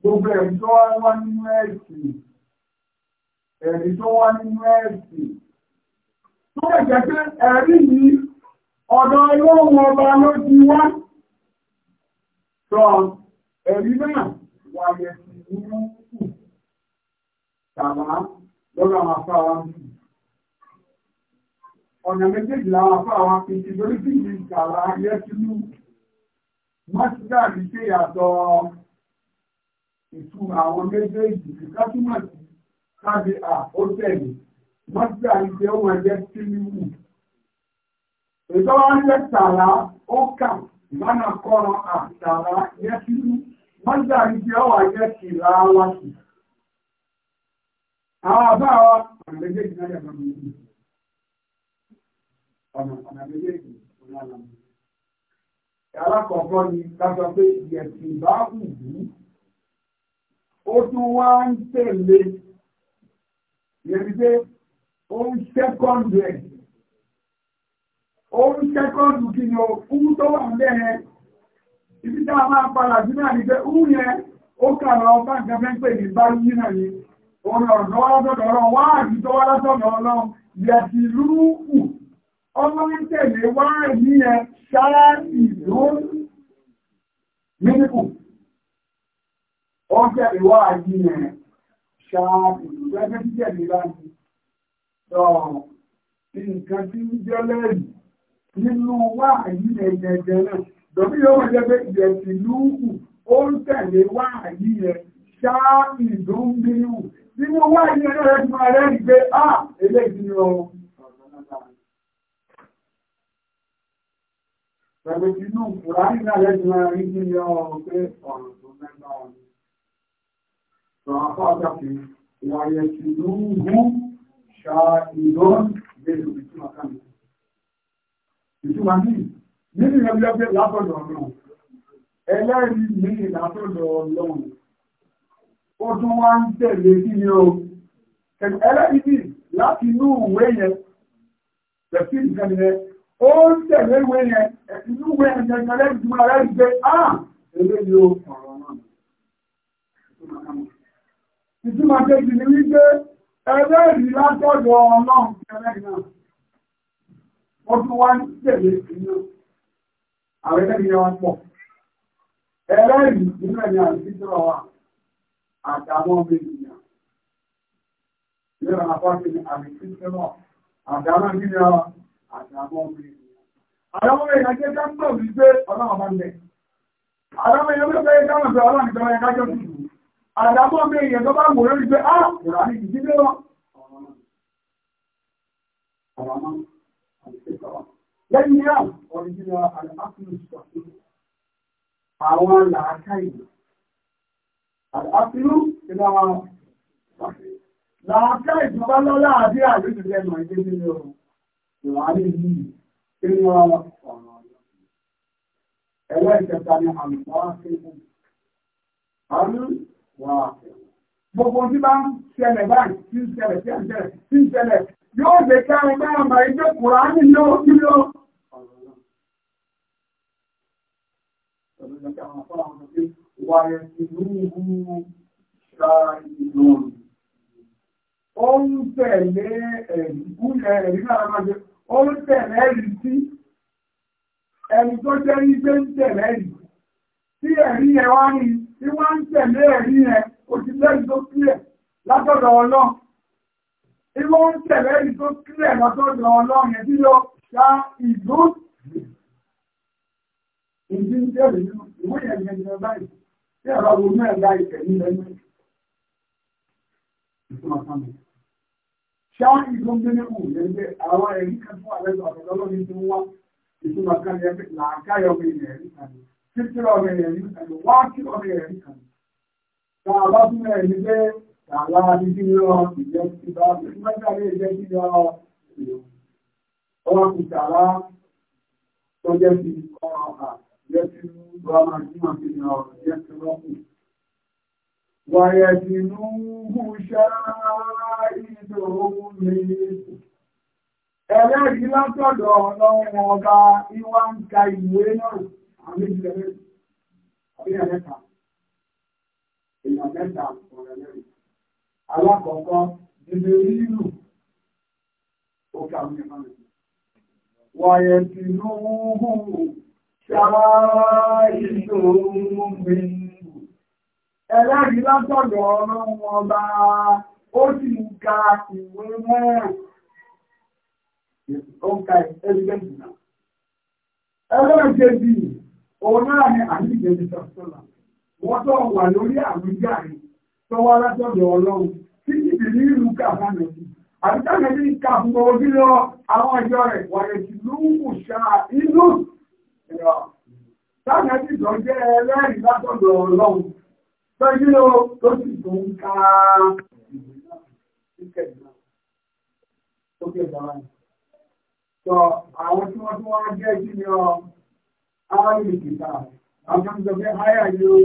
Gbogbo ẹ̀rí tó wá nínú ẹ̀sìn, ẹ̀rí tó wá nínú ẹ̀sìn. Tó lè jẹ́ pé ẹ̀rí yìí ọ̀dọ̀ ọlọ́run ọba ló ti wá. Sọ ẹ̀rí náà wáyé sí inú kù. Tàbá lọ́rọ̀ àwọn afá wa ń bì. Ọ̀nà méjèèjì làwọn afá wa fi ti lórí sí ìgbàlá yẹ́sìlú. Mọ́sídà ní ṣe yàtọ̀ ọ̀rọ̀ ìtura àwọn méjèèjì ti kásímọ̀tì káde à ó tẹ̀lé mọ́tíà ń jẹ́ ohun ẹ̀jẹ̀ sílíwù. ètò wa ń jẹ́ tààrà ó kà ìbáná kọ́ra àtàrà yẹ sílú mọ́tíà ń jẹ́ ohun ẹ̀jẹ̀ tìlà wá sí. àwọn àbá wa ọ̀nà méjèèjì náà yàgbọ́n mi ní ọ̀nà ọ̀nà méjèèjì ọ̀nà àlàmù. alákọ̀ọ́kọ́ ni ká pé ìyẹ̀sìn bá wù ú ó tún wá ń tẹ̀lé yẹni pé ó ń sẹ́kọ̀ndù ẹ̀ ó ń sẹ́kọ̀ndù kí ni ó kú tó wà lẹ́yẹn ibi tá a máa padà sí náà ni pé ó yẹn ó kàrà ọba nǹkan fẹ́ pè ní báyìí náà ni òun ọ̀rọ̀ tó wá látọ̀dọ̀ ọlọ́run wá àti tó wá látọ̀dọ̀ ọlọ́run yẹ̀tì lúrúkù ọmọ ń tẹ̀lé wá ní ẹ ṣáà ìlú mímíkù wọ́n jẹ́rìí wá àyí rẹ̀ ṣáàbì lẹ́gbẹ́ tí jẹ́rìí láti sọ nǹkan tí ń jẹ́ lẹ́yìn nínú wá àyí rẹ̀ gẹ̀gẹ̀ náà dọ̀bí yóò jẹ́ pé ìyẹ̀sì lúùkù ó ń tẹ̀lé wá àyí rẹ̀ ṣáàbì dùnbíhù nínú wá àyí rẹ̀ rẹ̀ ti máa rẹ́rìí pé à eléyìí ni ọ Pẹ̀lú inú ìfúra nígbà lẹ́gbẹ̀ẹ́ rí kí ni pàápàájáfin wàyẹ̀ tí ló ń mú ṣàìdán bẹ̀rẹ̀ ìtumà kánì. ìtumà ní nínú ẹgbẹ́ látọ̀dọ̀ ọlọ́run ẹlẹ́rìí ní ìlàtọ̀dọ̀ ọlọ́run ó tún wá ń tẹ̀lé kí ni o ẹlẹ́rìí ní láti inú ìwé yẹn pẹ̀sí nìkan yẹn ó ń tẹ̀lé ìwé yẹn inú ìwé yẹn gẹ́gẹ́ lẹ́yìn tí wọ́n rẹ̀ ń gbé ah eléyìí ó ọ̀rọ̀ náà ìtumọ̀ kejì ní wípé ẹlẹ́rìí látọ̀dọ̀ ọlọ́run ti ẹlẹ́rìí náà ó tún wá ní tẹ̀lé ìná àwọn ẹlẹ́rìí yẹn wá pọ̀ ẹlẹ́rìí nínú ẹ̀mí àdúgbò wa àtàwọn ọmọ ènìyàn ìlera àpapọ̀ ní àmì sísẹ́mọ̀ àtàwọn nínú àtàwọn ọmọ ènìyàn àwọn ọmọ ènìyàn jẹ́ ká ń pọ̀ wípé ọlọ́run bá ń bẹ̀ àwọn ọmọ ènìyàn ló fẹ́ ká mọ̀ pé ọlọ́run ìjọba ẹ̀ká jọ́ tuntun àdàbọ̀ bí èèyàn tó bá mú lórí pé á ah, rà ní ìdílé wọn lẹ́yìn náà ọ̀rìnjìnà àdáfíìlú àwọn làákà ìlú àdáfíìlú ìlú àwọn làákà ìlú bá lọ́lá àbí àrídì lẹ́nu ìdílé ọ̀rọ̀ ìwàlẹ̀ yìí nínú ọ̀rọ̀ ẹ̀rọ ìjẹta ni àlùfáà fẹ́ Gbogbo tí bá ń ṣẹlẹ̀ báyìí, tí ń ṣẹlẹ̀, tí ń ṣẹlẹ̀, tí ń ṣẹlẹ̀, yóò lè kárin bára màá ìjọ Kùránì lówó kí ló. Wàyẹ̀ sí lúhú ṣáà ìlú. Ó ń tẹ̀lé ẹ̀rí, gúnlẹ̀ ẹ̀rí sí ẹni tó jẹ́ ní pé ń tẹ̀lé ẹ̀rí. Tí ẹ̀rí yẹn ní tí wọ́n ń tẹ̀lé ẹ̀rí yẹn òṣìṣẹ́ tó kílẹ̀ látọ̀dọ̀ ọlọ́run tí wọ́n ń tẹ̀lé ẹ̀rí tó kílẹ̀ látọ̀dọ̀ ọlọ́run yẹn tí lọ ṣá ìlú ìdí ń tẹ̀lé ìwé yẹn yẹn yẹn báyìí tí ẹ̀rọ wo náà ya ìtẹ̀lé lẹ́nu ṣá ìlú ń gbélé wù yẹn pé àwọn ẹ̀rí kan fún àlejò àtọ̀dọ̀ ọlọ́run ti ń wá ìtumọ̀ kan yẹn títí ọ̀rẹ́ ẹ̀rí kan wá kí ọ̀rẹ́ ẹ̀rí kan tá a bá tún ẹ̀rí pé tààlà níbi lọ ìjẹ́ ti bá mẹ́ta lè jẹ́ kí lọ ọwọ́ kù tààlà tó jẹ́ ti ọ̀rọ̀ ọ̀hà jẹ́ ti rọ́mà tí wọ́n ti lọ jẹ́ ti rọ́kù. Wàyẹ̀dìnúhù ṣáà ìdòwò mi. Ẹlẹ́rìí látọ̀dọ̀ ọlọ́run ọba ìwà ń ka ìwé náà àmì ìṣẹ̀lẹ̀ àbí ẹ̀mẹ́ta èèyàn mẹ́ta ọ̀rẹ́ mẹ́rin alákọ̀ọ́kọ́ nílé rírù ó kà mí mọ́rin wàyẹ̀ tí lóhùn ṣàwá ìṣòhun mi ẹlẹ́rìí látọ̀dọ̀ ọlọ́run ọba ó sì ń ka ìwé mẹ́rin ó ń ka ẹgbẹ́ ìgbìmọ̀ ẹlẹ́rìí òun náà ni àníjẹ́ sọ̀tọ́là wọ́n wà lórí àwọn járe tó wá látọ̀dọ̀ ọlọ́run tí ìdí ní ìlú kàfánà sí ní àwọn ìjọ rẹ̀ sí ṣá inú ẹbí jẹ́ ẹlẹ́rìí ọlọ́run tó sì tó ń ka Sọ àwọn tí wọ́n tún jẹ́ kí ni ááyè kìtà àwọn ọmọ ìjọba ááyà yóò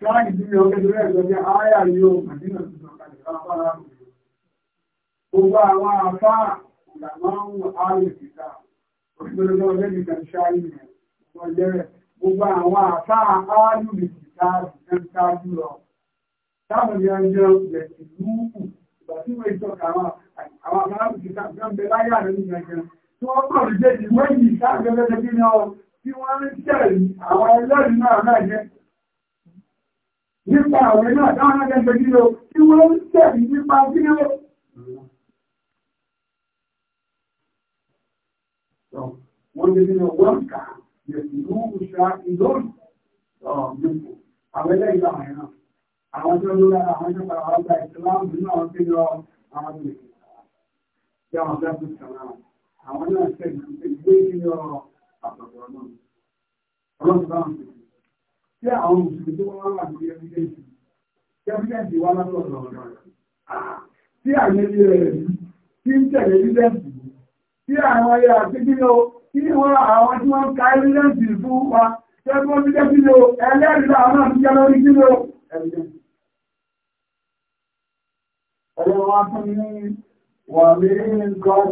ṣáàyè bí mi ọgbẹ́ ìjọba ìjọba ááyà yóò màdínà gbogbo àwọn afá ìlànà ááyè kìtà òṣìṣẹ́ ọjọ́ ìjọba ṣáàyè wọ́n jẹ́rẹ̀ gbogbo àwọn afá ááyè kìtà ìjọba lọ táwọn ìyá jẹ́ ọ̀gbẹ̀ ìlú ìgbà tí wọ́n ìtọ́ka àwọn àwọn afárá kìtà ìjọba láyà rẹ̀ nígbà jẹ́ tí wọ́n kọ̀ tí wọ́n ń jẹ́rìí àwọn ẹlẹ́rìí náà náà yẹn nípa àwọn náà dáwọn ẹgbẹ́ nílò tí wọ́n ń jẹ́rìí nípa sílé wọ́n lè nínú wọ́n kà yẹ̀sìnú ìṣà ìlóòrùn ọ̀gbẹ̀kù àwọn ẹlẹ́rìí náà yẹn náà àwọn tó lóra àwọn tó padà wọ́n gba ìsìláàmù nínú àwọn tó lọ àwọn tó lè kí àwọn tó lè kí àwọn náà tẹ̀lé ìgbé ìlú ọ̀rọ̀ àtọ̀dọ̀ náà. Ọlọ́run bá ń pè é. Ṣé àwọn mùsùlùmí tó wọ́n wà ní ẹbíkẹ́sì? Ṣé ẹbíkẹ́sì wá látọ̀dọ̀ ọ̀dọ̀ rẹ̀? Tí àyẹ̀lẹ̀ rẹ̀ tí ń tẹ̀lé bíbẹ́ẹ̀sì tí àwọn ayé àtẹ́gbìnà tí wọ́n àwọn tí wọ́n ń ka ẹ́rìndẹ́ǹsì fún wa tẹ́gbọ́n bíbẹ́ẹ̀sì ẹlẹ́rìí láwọn àti jẹ́ lórí kí ló ẹ̀rìndẹ́ǹsì ọlọ́wọ́ fún mi wà ní nǹkan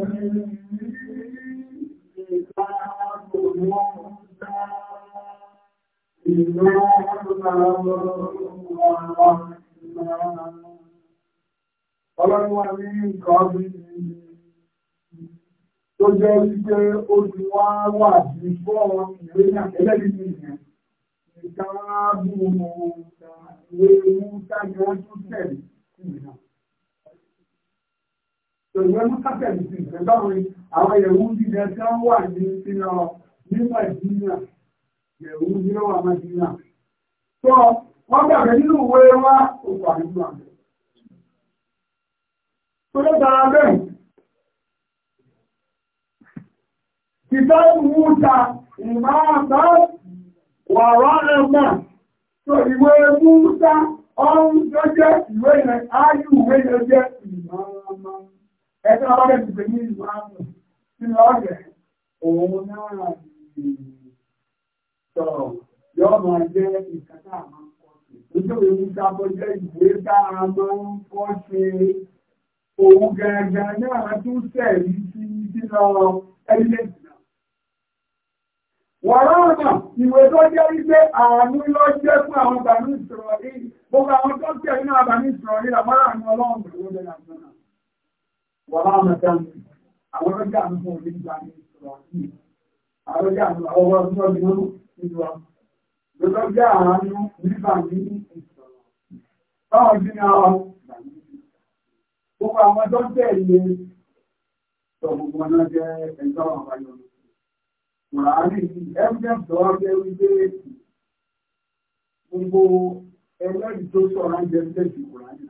Ọlọ́run wà ní nǹkan bí tó jẹ́ wípé ó ti wá wà ní fọ́ọ̀rọ̀ ìwé náà ẹlẹ́bí ní ìyẹn. Ìtara bú ìwé mú tàbí wọ́n tún tẹ̀lé sí ìrìnà. Tòlú ẹmú kápẹ̀lì sí ìfẹ́ báwọn àwọn ẹ̀wú jíjẹ tí wọ́n wà ní sínú ọkọ̀. nígbà ìdíyà ẹ̀rù ní ọwà májìlá tó wọ́n gbàgbẹ̀ nínú ìwé wá òkú àrígbò àgbẹ̀ tó ló dára bẹ́ẹ̀ ìfẹ́ múta ìmáàbá wàrá ẹ̀mà tó ìwé múta ọrún tó jẹ́ ìwé ìrìn áyù ìwé ìrìn jẹ́ sọ̀rọ̀ yóò máa jẹ́ nǹkan tá a máa ń kọ́ sí. nítorí níta bó jẹ́ ìwé tá a máa ń kọ́ sí òun gẹ̀ẹ́gẹ́ náà tún tẹ̀lé sí sínú ẹ̀rílẹ̀sì náà. wọ̀rọ̀ ọ̀nà ìwé tó jẹ́ wípé àánú ló jẹ́ fún àwọn bàmí ìsọ̀rọ̀ yìí gbogbo àwọn tó tẹ̀lé náà bàmí ìsọ̀rọ̀ yìí làwọn àánú ọlọ́run pẹ̀lú ọdẹ làwọn náà. wọ̀rọ̀ ọ̀nà tẹ̀lé àwọn ọjà ń bọ̀ nígbà ìsọ̀rọ̀ yìí àrọ́jà ọwọ́ tí wọ́n dúró nínú wa lọ́tọ́ jẹ́ àánú nígbà ní báwọn bí náà gbogbo àwọn tó jẹ́ ìyẹ sọ gbogbo ọ̀nà jẹ́ ẹ̀jọ́ àbáyọ mùràrí ẹgbẹ́ tó wá jẹ́ wípé gbogbo ẹlẹ́rìí tó sọ̀rọ̀ jẹ́ tẹ̀sí kùránì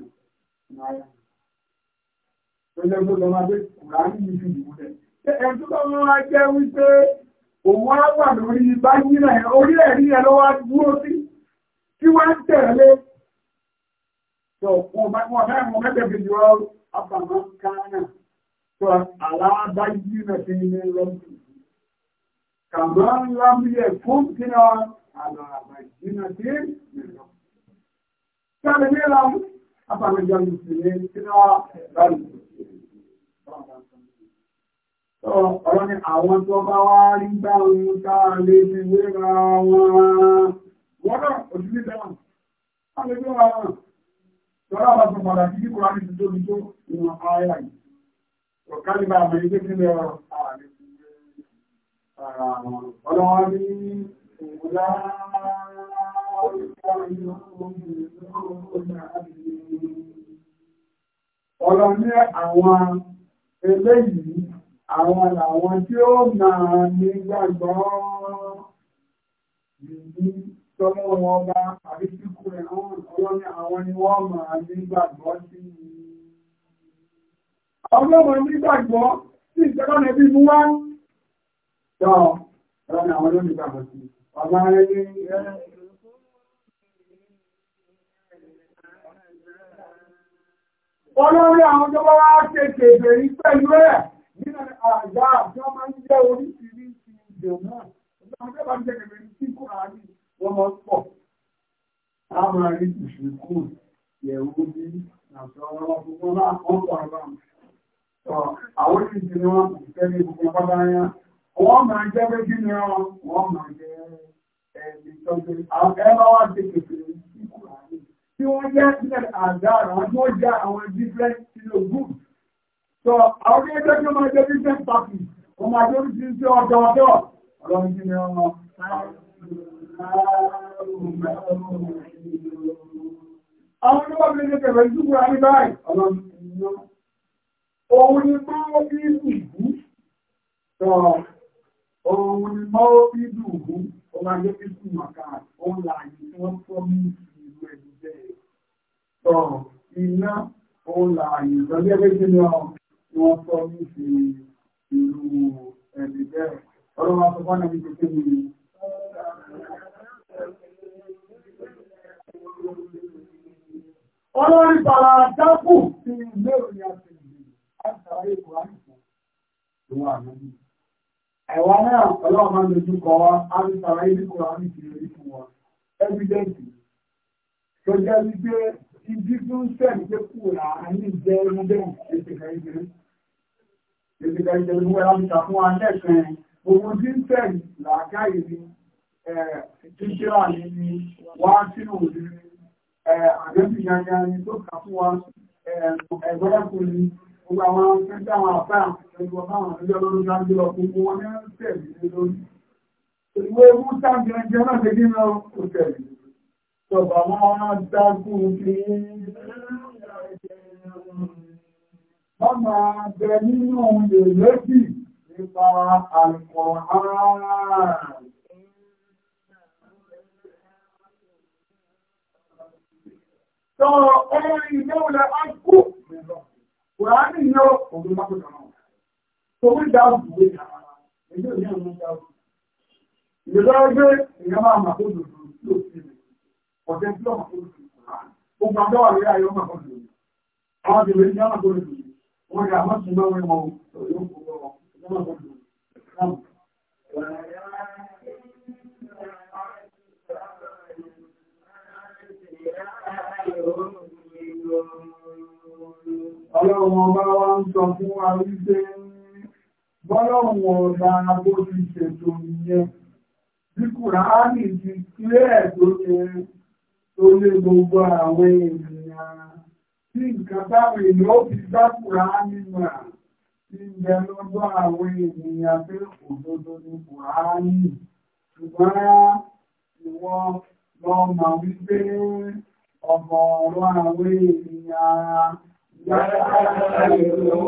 jẹ́ wípé òun á wà lórí bá yínà ẹ̀ orí ẹ̀rí ẹ̀ lọ́wọ́ dúró sí tí wọ́n ń tẹ̀lé tó wọn bá wọn bá wọn mẹ́tẹ̀ fi yọ abàmọ́ kánà tó aláàbá yínà sí ilé lọ́dún kàmọ́ ńlá mi fún kí ni wọn aláàbá yínà sí ní ìlànà abàmọ́ ìsìnlẹ̀ kí ni wọn bá Ọ̀rọ̀ ni àwọn tó bá wá rí gbá ohun lè fi wéra wọn. Wọ́n náà, òjú ní A lè gbé wọn náà. Tọ́lá bá tó padà sí kíkọ́ láti tó bí tó ìwọ̀n yìí. àmì ilé ọ̀rọ̀ ààrẹ. àwọn làwọn tí ó máa ní gbàgbọ́ yìí tọ́lọ́ wọn bá àbí kíkú rẹ̀ hàn ọlọ́ni àwọn ni wọ́n máa ní gbàgbọ́ sí i. àwọn ọmọ ní gbàgbọ́ sí ìjọba nẹbí mú wá. tọ́ ọlọ́ni àwọn ló ní gbàgbọ́ sí i. ọba rẹ̀ ní Ọlọ́run àwọn tó bá wá ṣe kèfèrí pẹ̀lú ẹ̀ nínú àyà àti ọmọ ń jẹ́ oríṣiríṣi ìdèmọ́ ọ̀gá ọmọdé bá ń jẹ́ kẹ̀kẹ́ ní kíkó àárín wọn lọ pọ̀ a máa rí ìṣìkú yẹ̀wò bí àtọ̀rọ̀ gbogbo náà wọ́n pọ̀ àbámu àwọn ìṣìṣẹ́ ni wọ́n kò tẹ́lẹ̀ gbogbo bábá yá wọ́n máa jẹ́ So, àwọn ilé ẹgbẹ́ tí ó máa jẹ́ business party, ó máa jẹ́ oríṣi sí ọjọ́ ọjọ́. Ọlọ́run kí ni ọmọ. Àwọn onímọ̀ bí ní kẹ̀rẹ̀ ìdúgbò ayé báyìí, ọlọ́run kí ni ọmọ. Òun ni máa bí ìdùgbù. So, òun ni máa bí ìdùgbù. Ó máa jẹ́ bí ìdùgbù màkàá. Òun làyè tí wọ́n fọ́ mí ìlú ẹ̀dùn bẹ́ẹ̀. So, iná òun làyè lọ́jọ́ pé kí ni ọmọ tí wọ́n sọ ní ti ìlú ẹ̀dì bẹ́ẹ̀. Ọlọ́run aṣọ bá nàbí kékeré mi. Ọlọ́run bàrà dákù sí ilé ìròyìn àti ìlú àtàrí ìlú àìsàn ìwọ̀n àmì. Ẹ̀wà náà ọlọ́run máa ń dojú kọ wá, a ń tara ìlú kọ àmì ìrírí fún wa. Evidence. Tó jẹ́ wípé ibi tó ń sẹ́yìn pé kúrò àárín jẹ́ ẹgbẹ́ ìṣẹ́ṣẹ́ kan ìgbẹ́rẹ́ ìgbẹ̀rẹ̀ ìwé àmìta fún alẹ́sẹ̀ gbogbo tí ń tẹ̀ làákàyè ni tíṣíra ni ni wá sínú òní àgbẹ̀bí yanya ni tó kà fún wa ẹ̀gbọ́dẹ́kù ni gbogbo àwọn fẹ́ńtà àwọn àfẹ́ àtẹ̀lẹ́gbọ́ báwọn ẹgbẹ́ lọ́dún dájú lọ gbogbo wọn ní ń tẹ̀lé lórí. ìwé ewu sáàjì ẹjẹ́ náà ṣe kí ń lọ kò tẹ̀lé. máa bẹ nínú ìlẹ́bì nípa Al-Qur'an. Sọ ọmọ ilé olè ákú, Kùránì yóò ọdún mákòtò náà. Tó wí dáàbù wé ìyàmára, ẹjọ́ ìyá ọmọ dáàbù. Ìrọ́gbé ìyàmá àmàkójò ló sí tí Ó gbàgbọ́ àríyá ayọ́ Orí Ọlọ́run ọba wa ń sọ fún wa wípé bọ́lọ́run ọba bó ti ṣètò ìyẹn. Bí Kùránì ti kílẹ̀ tó lé gbogbo àwọn ènìyàn tí nǹkan báwọn èèyàn ó fi gbàkúrà nínú à ti ń bẹ lọ́dọ̀ àwọn ènìyàn pé òdodo ni Kùránì ṣùgbọ́n ìwọ lọ mọ̀ wípé ọmọ ọ̀rọ̀ àwọn ènìyàn yára ìlú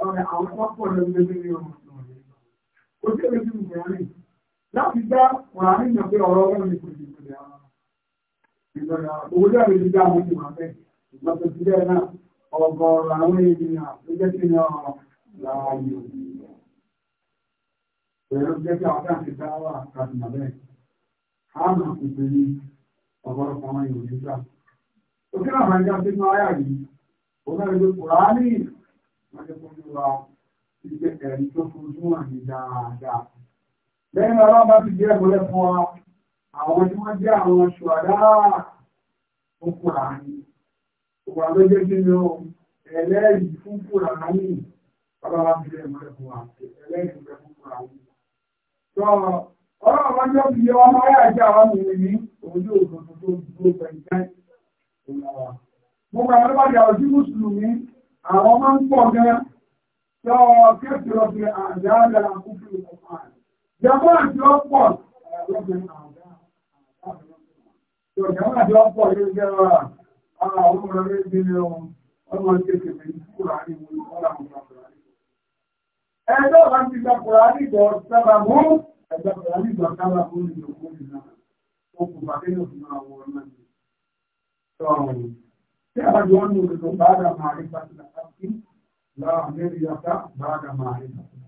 Ọ̀rẹ́ àwọn ọ̀pọ̀ lọ́gbẹ́gbẹ́ ní ọmọ ọ̀rẹ́. Ó jẹ́ ìlú ìgbẹ̀rẹ̀ láti dá wọn àríyàn pé ọ̀rọ̀ ọlọ́run ní kùsì ìpìlẹ̀ àwọn ìgbọ̀nà owó dẹ̀ lè dá àwọn ìwà fẹ́ ìgbọ̀n tó ti bẹ́ẹ̀ náà ọgọ́rọ̀ àwọn ènìyàn ló jẹ́ kí ní ọ̀rọ̀ láàyò pẹ̀lú jẹ́ kí àwọn káàkiri dá wà káàkiri nà bẹ́ẹ̀ àmà kùsì ní ọgọ́rọ̀ fún àwọn ìwòye gbà òkè náà máa ń já sínú ayà yìí òun náà lè gbé kùránì máa jẹ́ fún wa ìgbẹ́ ẹ̀rí tó fojú ní dáadáa lẹ́yìn ọlọ́run bá ti jẹ́ ìwọlẹ̀ fún wa àwọn tí wọ́n jẹ́ àwọn ṣùwádá òkúra ní òkúra tó jẹ́ kí ni ó ẹlẹ́rìí fún kúra ní ọlọ́run bá ti jẹ́ ìwọlẹ̀ fún wa ẹlẹ́rìí fún kúra ní. sọ ọlọ́run bá jọ fi ọmọ ayé àti àwọn mìíràn ní ojú òdòdó tó dúró pẹ̀lú ìlọ́wà. mo gbà wọ́n bá yà ojú mùsùlùmí àwọn máa ń pọ̀ gan-an sọ kẹ́sìrọ̀ fi àjálẹ̀ àkúfù ìkọ̀kọ̀ àná Ìjọba àti ọ̀pọ̀ ìjọba àti ọ̀pọ̀ ilé jẹ́ ara àwọn ọmọ rẹ̀ bí i ọmọ kékeré kúrò àríwú ọlọ́run Ẹjọ́ bá ti gba Kùránì ìjọ sábà mú, ẹjọ́ Kùránì ìjọ sábà mú ní ìjọkú ìlànà, ó kù bàtẹ́ yóò fi máa wọ ọmọ ìjọ. Sọ̀rọ̀ tí a bá jọ ń lò lò bá dà máa rí pàtàkì láàrín ìyàtà bá máa rí pàtàkì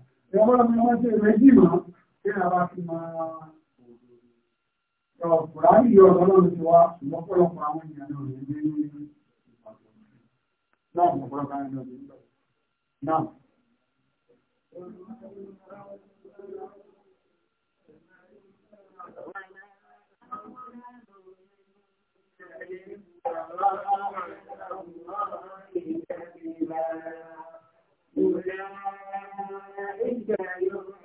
kí ni a bá fi máa yọ kùránì yọ ọ̀dọ́ lọ́rùn ti wá lọ́pọ̀lọpọ̀ àwọn èèyàn náà lè ní ìpàdé náà lọ́pọ̀lọpọ̀ àwọn èèyàn náà náà. أولئك يؤمنون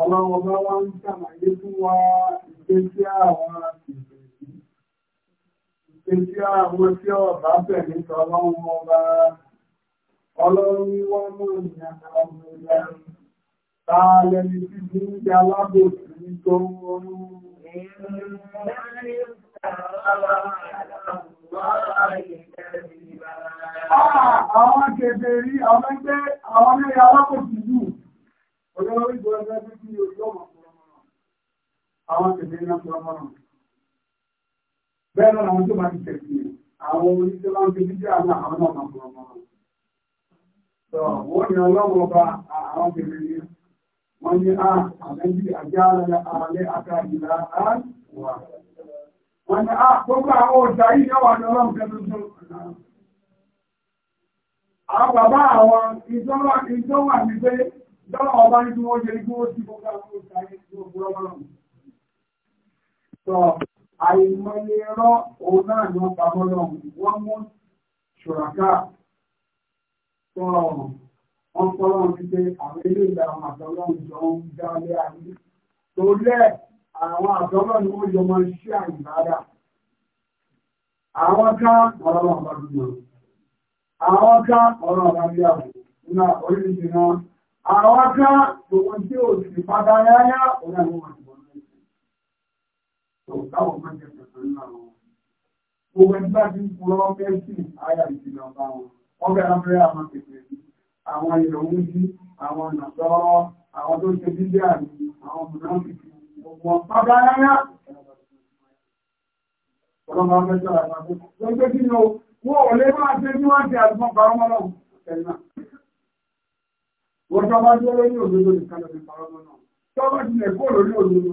Ọlọ́run wá ń ṣàlàyé fún wa ìgbésí àwọn ìgbésí àwọn tí ọ̀bá bẹ̀ nípa ọlọ́run ọba ọlọ́run wá mọ̀ ní àwọn ọmọ ta lẹni tí bí ń jẹ alábòsí tó ń ronú. Ah, àwọn Ọlọ́run ìjọ ẹgbẹ́ bí kí ojú ọmọ pọ̀lọmọ́nà. Àwọn tẹ̀lé náà pọ̀lọmọ́nà. Bẹ́ẹ̀ náà àwọn tó máa ti tẹ̀sí àwọn oníṣẹ́ máa ń fi jíjẹ́ àwọn àwọn náà máa pọ̀lọmọ́nà. Sọ wọ́n ni ọlọ́run ọba àwọn tẹ̀lé ní wọ́n ní à ah, àmẹ́jì àjá alẹ́ àká ìlà àwà. Wọ́n ni à ah, gbogbo àwọn ọjà yìí náà wà ní ọlọ́run kẹ́ Àwọn bàbá àwọn ìjọ wà ní pé Dáwọn ọba ní kí wọ́n jẹ igbó sí gbogbo àwọn ìsáyé tí ó gbọ́ lọ́rùn. Sọ àìmọye rọ́ òun náà ni wọ́n pamọ́ lọ́rùn. Wọ́n mú ṣùràká. Sọ wọ́n fọ́lọ́run ti pé àwọn ilé ìlà àwọn àtọ́lọ́run jọ ń dá lé ayé. Torí ẹ̀ àwọn àtọ́lọ́run wọ́n jọ máa ń ṣe àyíkára. Àwọn ká ọ̀rọ̀ ọ̀bá dùn. Àwọn ká ọ̀rọ̀ ọ̀bá bí àwọn. Ní orílẹ̀-èdè náà àwọn aká gbogbo tí ó sì padà yáyá òun àwọn àjùmọ̀ lẹ́sẹ̀ tó táwọn máa jẹ pẹ̀lú àwọn gbogbo ẹgbẹ́ tí ń purọ́ mẹ́sì àyà ìjìnlẹ̀ ọba wọn ọgbẹ́ abẹ́rẹ́ àwọn pèpè àwọn ìrọ̀wú jí àwọn nàṣọ́rọ́ àwọn tó ń ṣe dídé àmì àwọn mìíràn pèpè gbogbo padà yáyá ọlọ́mọ afẹ́sọ̀rọ̀ àgbàdo lọ́gbẹ́ kí ni o wọ́n ò lè máa ṣe bí wọ́n ti àgbọ̀n pa ọmọ náà wọ́n tó bá dúró lórí òdodo nìkan lórí ìparọ́mọ́ náà tó bá tilẹ̀ kó lórí òdodo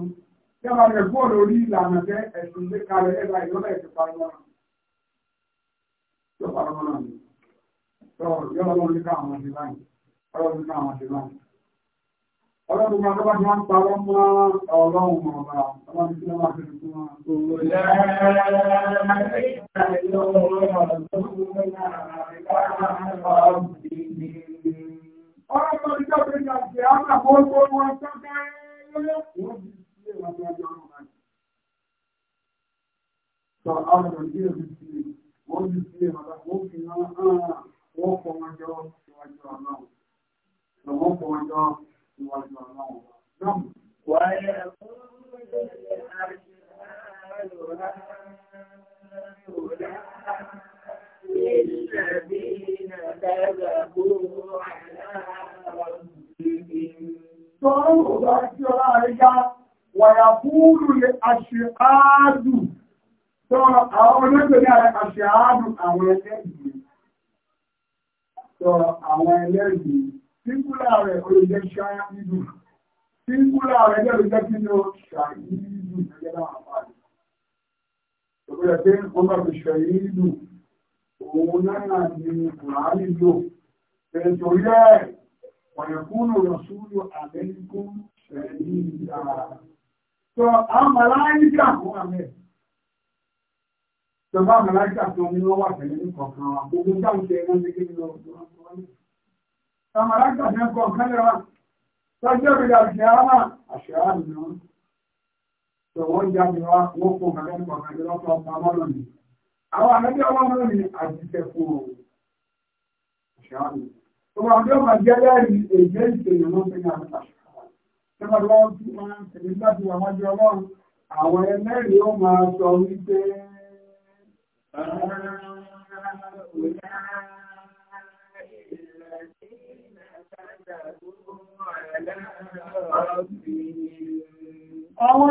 tó bá tilẹ̀ kó lórí ìlànà tẹ ẹ̀sùn lé kalẹ̀ ẹ̀ka ìjọba ẹ̀sìn parọ́mọ́ náà tó parọ́mọ́ náà ni tó yọ̀ọ́ lọ́wọ́ ní káwọn ọ̀sìn báyìí ọlọ́run ní káwọn ọ̀sìn báyìí ọlọ́run máa tọ́bá tí wọ́n ń parọ́ mọ́ ọlọ́run mọ̀ ọ̀bá ọlọ́run tí wọ́n máa fi fún wọn. Òwúrẹ́ ọ̀rọ̀ tó ti jẹ́ pé ní àjẹ́ àmà mọ́ tó wọn sábẹ́ wọ́n ti sílé wọn ní ọjọ́ ọ̀rọ̀ náà. Sọ àwọn ọ̀rọ̀ yìí ti sílé wọ́n ti sílé wọn bá wọ́n fi hàn án wọ́n fọ wọn jọ síwájú ọ̀nà. Sọ wọ́n fọ wọn jọ síwájú ọ̀nà. Wáyé fún mi ní àjẹ́ àlùhà. للذين كذبوا على ربهم توبة راجعة ويقول الأشقاد tọ́rọ àwọn olóògbèrè àṣẹ àádùn àwọn ẹlẹ́gbẹ̀ẹ́ tọ́rọ àwọn ẹlẹ́gbẹ̀ẹ́ síngúlà rẹ̀ olóògbé ṣáàdù síngúlà rẹ̀ olóògbé kí ni ó ṣàyíìdù gẹ́gẹ́ láwọn àpáàdì òun náà ni Kùránì lò torí ẹ̀ ọ̀yẹ̀kúnnù rọ̀súlù àmẹ́ríkún ẹ̀rí ìdára sọ àwọn màláíkà fún àmẹ́ Ìjọba Màláíkà tó ní wọ́n wà tẹ̀lé ní kọ̀ọ̀kan wa, gbogbo táwọn ṣe ẹgbẹ́ ní kí ní ọdún ọdún ọdún. Sàmàláíkà ní ọkọ̀ kan lẹ́wà, sọ́jọ́ ìrìn àṣẹ àmà àṣẹ àmì jáde wá, wọ́n kọ̀ọ̀kan lọ́tọ̀ àwọn àmẹ́bí ọlọ́run ní àjíṣẹ́kù ṣàánù tó bá ọjọ́ máa jẹ́ lẹ́rí èdè ìṣèyàn ló fi ní àmì àṣàkà tó bá lọ́wọ́ tí máa ń tẹ̀lé láti wà wájú ọlọ́run àwọn ẹlẹ́rìí ó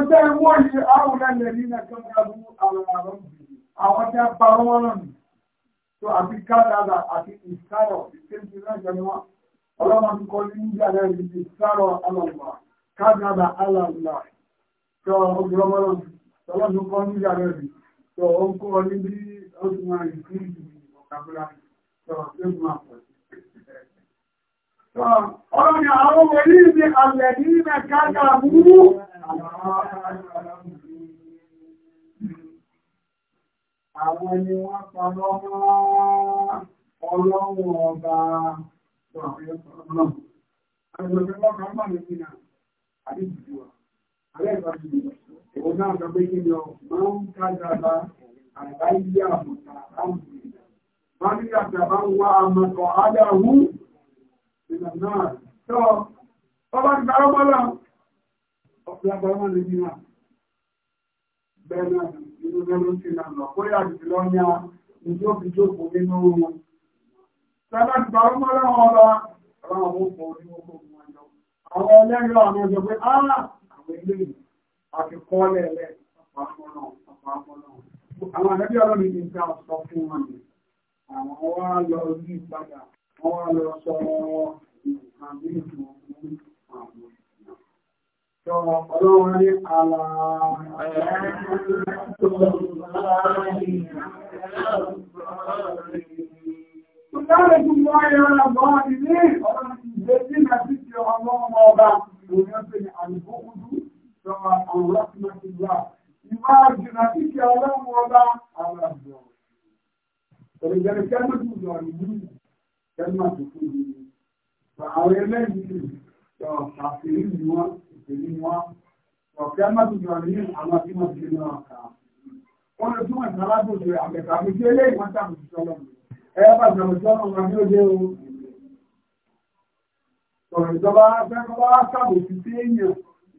tẹ́ wọ́n ní àwùlẹ̀ ní ẹ̀kọ́ ìgbàgbọ́ àwọn àrọ́bì àwọn tí a pa wọ́n rán mi tó àti kádàdà àti ìsárọ̀ ìkéjì náà ni wọ́n ọlọ́mọ ti kọ́ ní ìjà rẹ̀ ní ìsárọ̀ alàlùmá kádàdà alàlùmá tó ọgbọ̀lọ́mọ́rọ̀ tọ́lọ́dún kọ́ ní ìjà rẹ̀ tó ó ń kọ́ ní bí ó ti máa yìí sí ọ̀kàbúrà tó ó ti máa pọ̀ sí. Ọlọ́ni àwọn wòlíì ní alẹ̀ ní ìmẹ̀ká àwọn ni wọ́n parọ́ mọ́ ọlọ́run ọba Ìwọ̀n náà sọ pé kí ni ọ, máa ń kájára àgbáyé àmọ̀ta láàrín ìrìnà. Máa ń kájára ń wá àmọ̀tọ̀ ádáhú ìlànà náà. Tọ́, ọba ti gbára mọ́lá, ọ̀pẹ́ agbára mọ́lá inú lórí ti nà lọ kó yà jù lọ yá ní tó fi jókòó nínú wọn. Sẹ́lá ti bá ọmọ lọ́wọ́ ọba ọ̀rọ̀ àwọn ọkọ̀ orí ọkọ̀ ogun ọjọ́. Àwọn ẹlẹ́rìí àwọn ọjọ́ pé á àwọn ilé yìí àti kọ́lẹ̀ ẹlẹ́ àpapọ̀ náà àpapọ̀ náà. Àwọn àdẹ́bí ọlọ́run ní ìta sọ fún wọn ni. Àwọn wá lọ rí ìpadà, wọ́n wá lọ sọ nǹkan bí ìtàn fún Ọlọ́run ní àlà Ìwà jìnà tí kí ọlọ́run ọba àwọn àjọ̀. Òrìjẹ̀rẹ̀ kẹ́mọ̀ tí ìjọ ìlú kẹ́mọ̀ tó fún ìlú. Àwọn ẹlẹ́yìn ìjọ àfẹ́rí ni wọ́n mùsùlùmí ni wọ́n ọ̀kẹ́ mọ́tòjọ ní àwọn tí wọ́n ti náà kà wọ́n lè túmọ̀ sí alábòjọ àgbẹ̀ta àbújá eléyìí wọ́n sàbòjì sọ́lọ̀ ẹ bá sàbòjì sọ́lọ̀ wọn ní òde o sọ̀rọ̀ ìjọba fẹ́ẹ́ bá sàbòjì sí èèyàn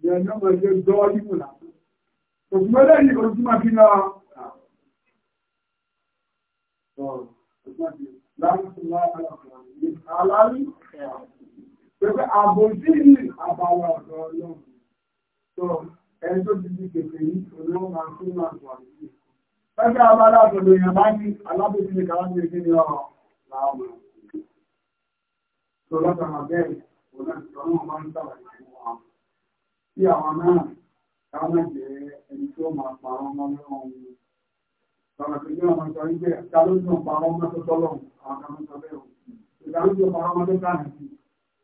ìyẹn ní ọmọ ilé gbọ́ yíwò lásán òṣùpá lẹ́yìn òṣùpá kí náà kà sọ̀rọ̀ òṣùpá kí Pẹ̀lú àbòsí yìí àbàwọ̀ ọ̀dọ̀ ọlọ́run. Sọ ẹni tó ti di kèké yìí, olówó máa ń fún máa wà sí. Pẹ́pẹ́ abala àtọ̀dọ̀ èèyàn bá ní alábòsí ní kàwá ní èké ní ọ̀rọ̀ làwọn máa ń fi. Sọ lọ́sàn-án bẹ́ẹ̀ òun náà sọ̀rọ̀ máa ń sàlàyé fún wa. Tí àwọn náà káwọn jẹ́ ẹni tó máa pa àwọn ọmọ lọ́wọ́ wọn. Sọ̀rọ̀ tó ní ọmọ sọ wípé bẹ́ẹ̀ o. Ìgbà ló ń pa àwọn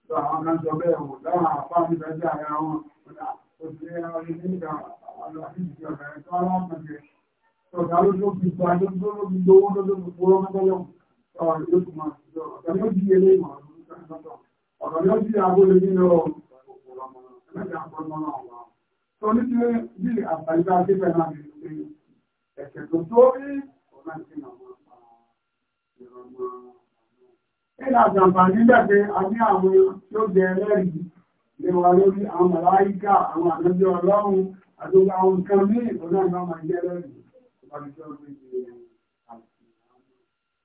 sọ àwọn kan sọ bẹ́ẹ̀ wò láwọn àpá mi fẹ́ jẹ́ ara wọn kódà ó ti rẹ́ ọ ní ìgbà àwọn àfíìsì ọ̀gá ẹ̀ tó wọ́n mọ̀ jẹ́ sọ̀tà ló ló fi sọ àdókòó ló fi gbowó ló ló fi gbowó mọ́tọ́lọ́ ọ̀rọ̀ yóò tún máa sọ ọ̀gá yóò di eré ìmọ̀ ọ̀gá yóò Ẹ̀nà àjàmbà nígbàgbé a ní àwọn tó jẹ ẹlẹ́rìí lè wà lórí àwọn màláíkà, àwọn ànábì Ọlọ́run, àti àwọn nǹkan ní ìfọ́nà ìgbà máa jẹ́ ẹlẹ́rìí.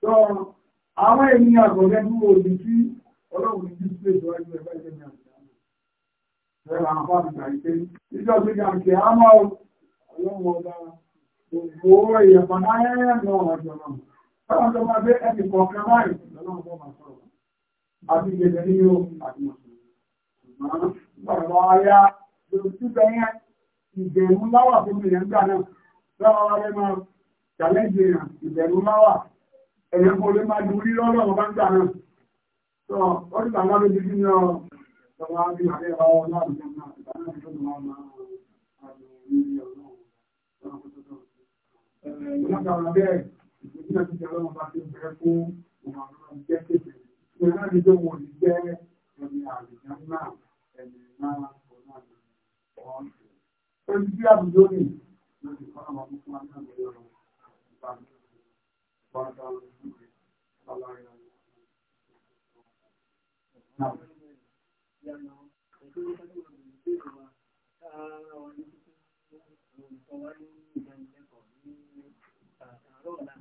Sọ àwọn ènìyàn àgbọ̀gẹ́ bí wo ní sí Ọlọ́run ní Jísù ètò ẹgbẹ́ ẹgbẹ́ ẹgbẹ́ Bẹ́ẹ̀ àwọn fáwọn ìgbà ìpé, ìjọ́ sí ìgbà ìpé, a máa ọlọ́run ọba, gbogbo Táwọn tó máa gbé ẹni kọ̀ọ̀kan báyìí lọ́nà bọ́ máa sọ̀rọ̀. Àti ìgbèjẹ̀ ní yóò àti mọ̀sùlùmí. Ṣùgbọ́n bọ̀rọ̀ ayá lórí títẹ̀ yẹn ìbẹ̀rù láwà fún mi yẹn gbà náà. Lọ́wọ́ wáyé máa challenge èèyàn ìbẹ̀rù láwà. Ẹ̀yẹ́ kò lè máa dúrí lọ́rọ̀ ọba ń gbà náà. Sọ ó ti bàbá lójú sí ní ọ̀rọ̀ ìgbésílẹ̀ ti jẹ́ ọlọ́run bá ti bẹ̀rẹ̀ fún òun àwọn ọmọ ìjẹ́ kéde ṣe náà ní pé wọn ò ní jẹ́ ẹni àlùjá náà ẹni náà ọ̀nà ọ̀hún. ó ti bí àbújá ní lórí ìkọ́nà wọn fún wọn náà lọ́wọ́ ìbámu wọn bá wọn sí ọlọ́run. Thank you.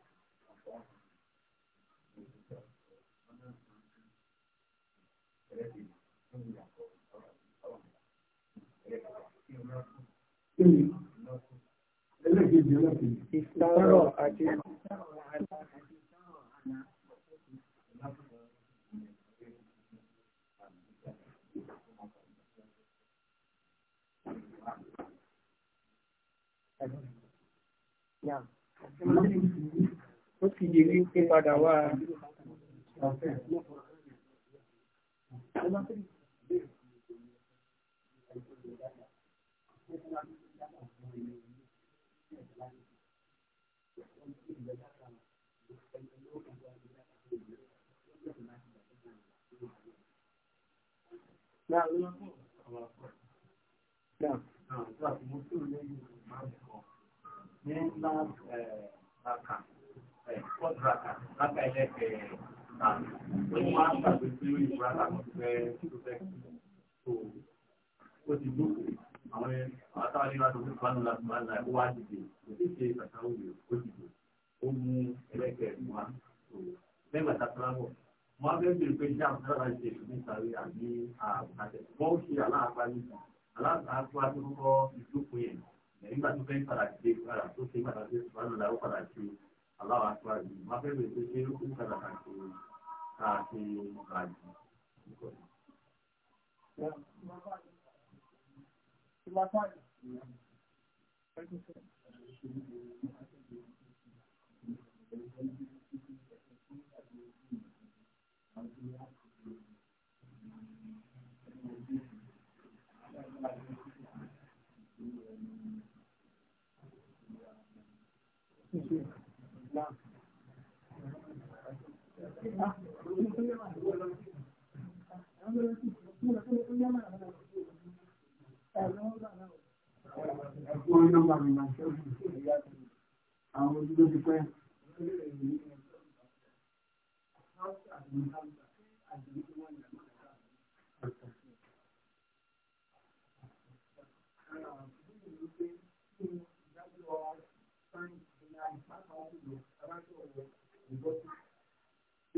sọ̀rọ̀ àti ó ti yẹ wípé padà wá. aláàtúwájú kọ́ ìjókòó yẹn nígbà tó fẹ́ padà ṣe padà tó ṣe padà ṣe padà lọ́wọ́ padà ṣe aláwọ̀ aṣáájú má fẹ́ bẹ̀rẹ̀ tó ṣe ó kún padà kàṣe kàṣe kàṣe. Thank you. Àwọn Thank you.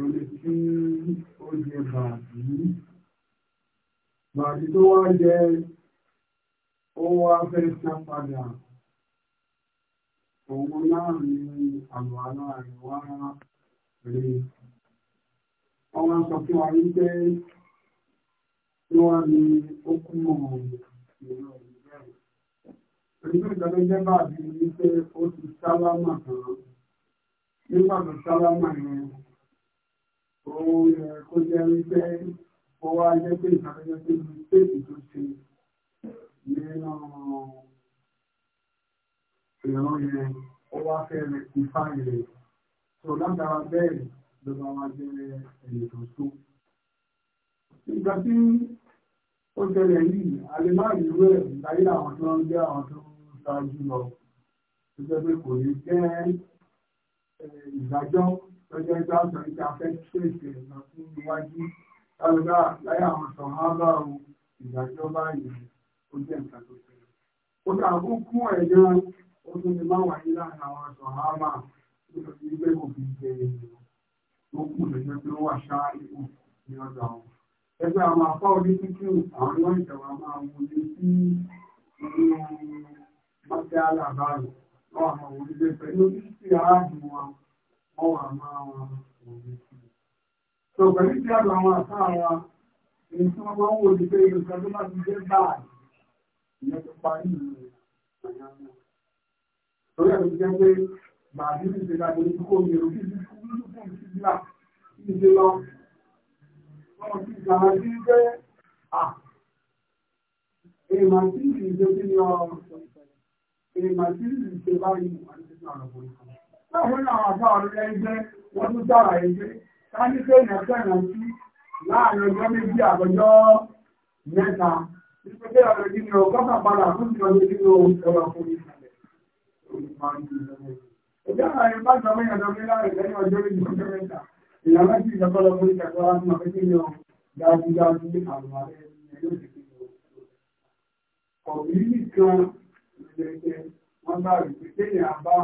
ẹni tí ó jẹ bàbí bàbí tó wá jẹ ó wá fẹ́ sá padà òun náà ni àlọ́ aláàrẹ wá rí ọmọ sọ fún wa ní pé tí wọ́n ní ó kú mọ̀ ìrọ̀ ìbẹ̀rẹ̀ pẹ̀lú ìdánilẹ́jẹ́ bàbí ní ó ti sálámà kan nígbà tó sálámà yẹn òun yẹ kó jẹ́ wípé ó wá jẹ́ pé ìsàkójọ pé mistake tó ṣe nínú ìran yẹn ó wá fẹ́ rẹ̀ ti fáìlì tó látara bẹ́ẹ̀ ló bá wá jẹ́ ẹ̀yẹ tó tó. ìgbà tí ó ṣẹlẹ̀ yìí alimari ìwé láyé àwọn tó ń jẹ́ àwọn tó ń ṣáájú lọ tó jẹ́ pé kò ní jẹ́ ìdájọ́ lọ́jọ́ ìta ọ̀sán ìta fẹ́ pèsè lọ sí iwájú lálùbá láyé àwọn sọ̀hábà o ìdájọ́ báyìí ó jẹ́ nǹkan tó ṣe. ó ta kó kún ẹ̀jọ́ ó tún lè má wáyé láàrin àwọn sọ̀hábà nítorí pé kò fi jẹ èèyàn tó kù lẹ́jọ́ pé ó wà ṣáá ikú ní ọjà wọn. ẹgbẹ́ àwọn afá orí títí àwọn ọmọ ìjọba máa wọlé sí inú mọ́tẹ́ alábàárò lọ́wọ́ àwọn orílẹ̀ pẹ̀lú wọ́n wà máa wọn òun sí. So pẹ̀lú tí àgbà àwọn àṣà wa, èyí tí wọ́n máa ń wò ní pé ìrìnkà tó bá ti jẹ́ báyìí, ìyẹn tó parí ìrìn àyà náà. Torí àti jẹ́ pé bàbí ní ìṣẹ̀dá tó ní kókó mi, òfin ti kú lórí fún sí là kí n lọ. Wọ́n ti gbàgbà sí pé à èèmà tí ìṣe kí ni ọ ìṣe báyìí wà láwọn àwọn àbá ọ̀rẹ́ ẹgbẹ́ wọ́n tún dára ẹgbẹ́ ká ní pé èèyàn fẹ́ràn sí láàrin ọjọ́ méjì àbọ̀jọ́ mẹ́ta nípa pé ọ̀rọ̀ kí ni o kọ́kà padà fún ìjọ ní kí o ọ̀rọ̀ fún mi kalẹ̀ ọjọ́ àárín bá jọ mẹ́yàn jọ mí láàrin lẹ́yìn ọjọ́ méjì ọjọ́ mẹ́ta èèyàn láti ìjọkọ́ lọ fún ìjọkọ́ láti mọ̀ pé kí ni o dájúdájú àwọn ààrẹ o kọ̀ọ̀bí nìkan ló jẹ́ wọ́n bá rí pé kéèyàn bá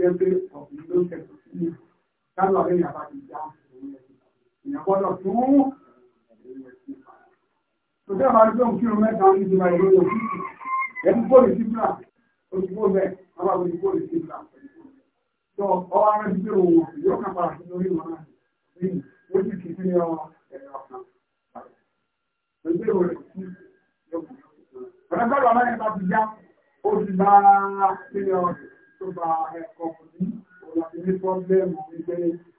pẹ́pẹ́ ọ̀gbìn ló kẹ̀kọ́ sí káàdù àbẹ́yìn àbájú já èèyàn gbọ́dọ̀ tún tòṣẹ́ àbájú tó ń kírun mẹ́ta ní ìjọba ìlú òkú ẹ̀kú bóòlù sí fúlà òṣìbó bẹ́ẹ̀ bàbá mi bóòlù sí fúlà tó ọwọ́ ara ti gbé òun yóò kàn padà sí lórí ìwọ̀n náà ó sì kì í sí ẹ̀rọ ẹ̀rọ kan ẹgbẹ́ ìwọ̀n rẹ̀ sí ọ̀rẹ́gbẹ́rún ọlọ́yìn bá ti já ó ti tó bá ọkùnrin ọ̀nà tí ní pọ́blẹ́mù wípé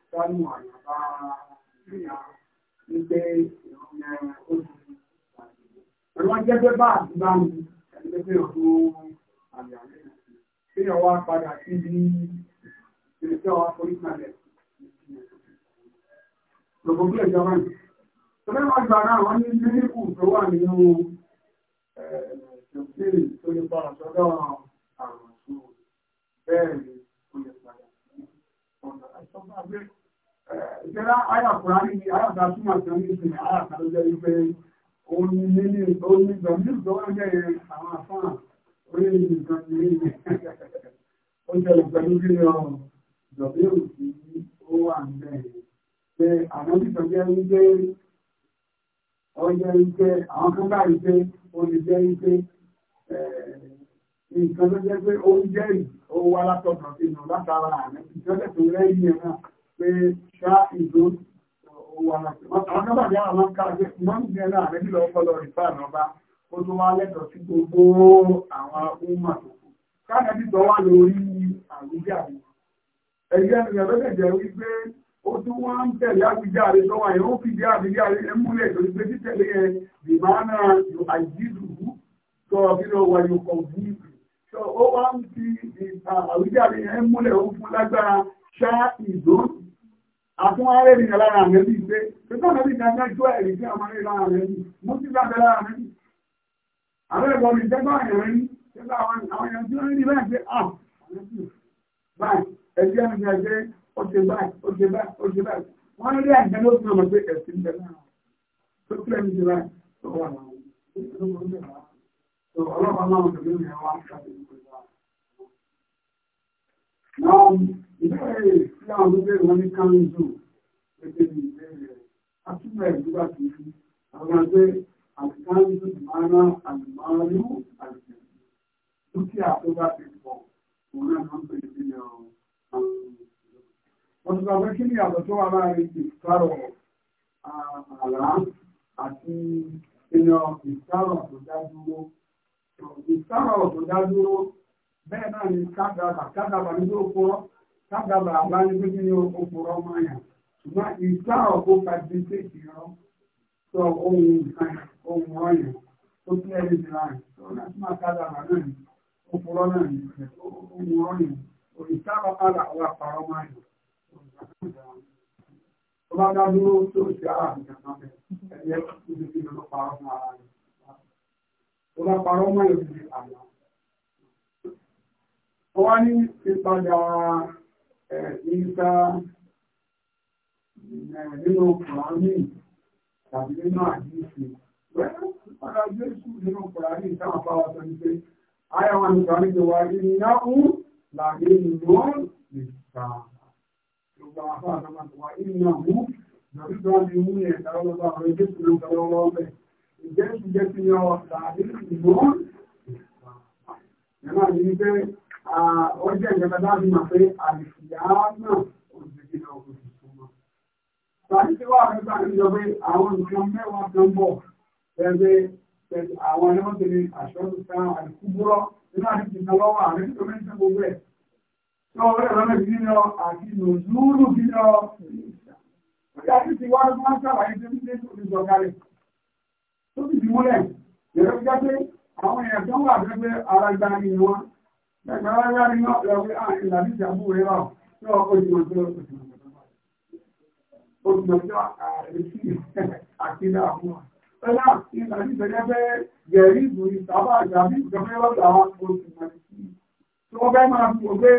sánú àyàbá ìyá wípé ìrọ̀lẹ́ oṣù pẹ̀lú ajẹ́gbẹ́ bá àdúgbà mi ẹgbẹ́ ọdún àyàlẹ́ tí ọwọ́ padà sí bí ìrìnsẹ́ ọwọ́ polítmalẹ̀ lọ́gbọ̀n bí ẹ̀jọ́ rẹ̀ tọ́lẹ́ wọ́n gbà náà wọ́n ní mílíkù tó wà nínú ẹ̀ẹ́dẹ̀ẹ́dẹ̀ tó ní pọ̀ sọ́dọ̀ àrùn bẹ́ẹ̀ ni ó yẹ padà sí ọ̀nà àìsọ́gbà bẹ́ẹ̀. ìjọba ayàkùnrin àrí ni ayàkùnrin àtúmọ̀ àti ọ̀nà ìsinmi ayàkùnrin ló jẹ́ wípé omi nílé omi gbọ̀ngàn gbọ́wọ́ jẹ́ àwọn afọ́nà orílẹ̀ nìkan ní ilẹ̀ ó jẹ́lẹ̀ pẹ̀lú kí ọ ìjọba èrò sí ó wà ń bẹ̀ pé àwọn ìjọba jẹ́ wípé ọ jẹ́ wípé àwọn kan bá rí pé ó lè jẹ́ wípé nǹkan tó jẹ́ pé ó ń jẹ́rìí ó wá látọ̀dọ̀ sínú látara àmì ìjọ́jẹ́ tó lẹ́yìn ẹ̀ náà pé ṣá ìdó ó wá láti àwọn náà bàbá àwọn káàkiri mọ́nì jẹ́ náà rẹ̀ nílò ọpọlọ ìfà lọ́ba ó tún wá lẹ́tọ̀ọ́ sí gbogbo àwọn ọmọ tó kù káàkiri ti sọ wá lórí àwùjáde ẹ̀yẹ́ ènìyàn ló dẹ̀ jẹ́ wípé ó tún wá ń tẹ̀lé àwùjáde tó wà yẹn ó fìdí àwùjáde ẹ̀ múlẹ̀ torí pé títẹ̀lé ẹ̀ bìbá náà yóò àìjídùú tó ọ ó wá ń fi àwíjáde yẹn múlẹ̀ ó fún lágbára ṣá ìdó àtún ààrẹ nìyàn lára rẹ̀ bí pé pẹ̀lú àwọn ẹbí dáadáa jó ẹ̀rí tí àwọn ẹ̀rí lára rẹ̀ bí mú sí dáadáa lára rẹ̀ bí àwọn ẹ̀rọ mi jẹ́gbọ́n ẹ̀rọ yìí jẹ́gbọ́n àwọn èèyàn tí ó ń rí báyìí pé à ah, báyìí ẹ̀jẹ̀ mi jẹ́ pé ó ṣe báyìí ó ṣe báyìí ó ṣe báyìí wọ́n rí àjẹ́ ló fi hàn pé ẹ̀sìn bẹ̀rẹ̀ tó kílẹ̀ mi ṣe báyìí tó wà láwọn ọlọ́pàá náà tó lè rẹ̀ wá ṣàlẹ̀ ìgbèlà. Náà ìbéèrè tí àwọn olóbèrè wọn ní Kánzù gẹ́gẹ́ bí ìbéèrè rẹ̀. Atúbọ̀ ìdúgbà tó fi àwọn ẹgbẹ́ àti Kánzù Mara Àlùmárù àti dúkìá tó bá ti pọ̀ òun náà máa ń pè sí ọ̀rọ̀ àwọn wọ́n ti sọ pé kí ni àtọ̀ tó wà láàrin ìfarọ̀ àlá àti ìyàn ìfarọ̀ tó dá dúró ìsára ọ̀tọ̀ dádúró bẹ́ẹ̀ náà ni kádàbà kádàbà ní ó purọ́ kádàbà àbáyébí ní ó purọ́ máyà ṣùgbọ́n ìsára ọ̀tọ̀ fàdíńté ìrọ́ sọ ohun nǹkan ohun ọ̀yàn tó kí ẹni ti ra ẹ̀ tó náà tún máa kádàbà náà ni ó purọ́ náà ni padà wà pàrọ̀ máyà tó bá dádúró tó ṣe ara àbùkà náà ẹ̀yẹ́ tó ti fi lọ́ pàrọ̀ ara rẹ̀ tó bá parọ́ mọ́ ìlú àná. Wọ́n wá ní ìpadà ìta nínú Kùránì tàbí nínú àdíṣe. Ìpadà Jésù nínú Kùránì táwọn afáwà sọ ní pé, Ayé wọn nípa níbi wa rí ní Yáhù làdé ìlú nìta. Ìgbà afáwà sọ máa ti wá ìrìnàmú lọ́dún tó wá ní ìjẹ́ ìjẹ́ ti yọ tàbí ìgbó ẹ̀nà ní wípé ọjọ́ ìjọba dábí mà pé àìsíyá náà òjìjì lọ òjì tó mọ́. tàbí tí wà nípa ìjọ pé àwọn nǹkan mẹ́wàá kan bọ̀ pẹ̀lú àwọn ẹ̀wọ̀n tẹ̀lé àṣọ́tù kan àìkú búrọ́ nínú àdìsí kan lọ́wọ́ àrẹ tó mẹ́ ṣe gbogbo ẹ̀. tí wọ́n rẹ̀ lọ́nà kí lọ àti nùzúrù kí lọ. ọjà tí ti wá lọ́wọ́ sábà múlẹ̀ yẹ̀rọ jẹ́ pé àwọn èèyàn tó ń wà pé ara gba ni wọn gbẹ̀gbẹ̀ ara gba ni ah, ah, wọn lọ pé àwọn ìlànà ìjàmbù rẹ̀ wà ní ọkọ̀ ìjìnà tó lọ sí ọjọ́ àkídà fún wa. Ọlá ìlànà ìjọjẹ́ pé yẹ̀rí ìbò ìsábà àjàmbù ìjọba lọ́dọ̀ àwọn olùsìnkà tí wọ́n fẹ́ máa fi òwe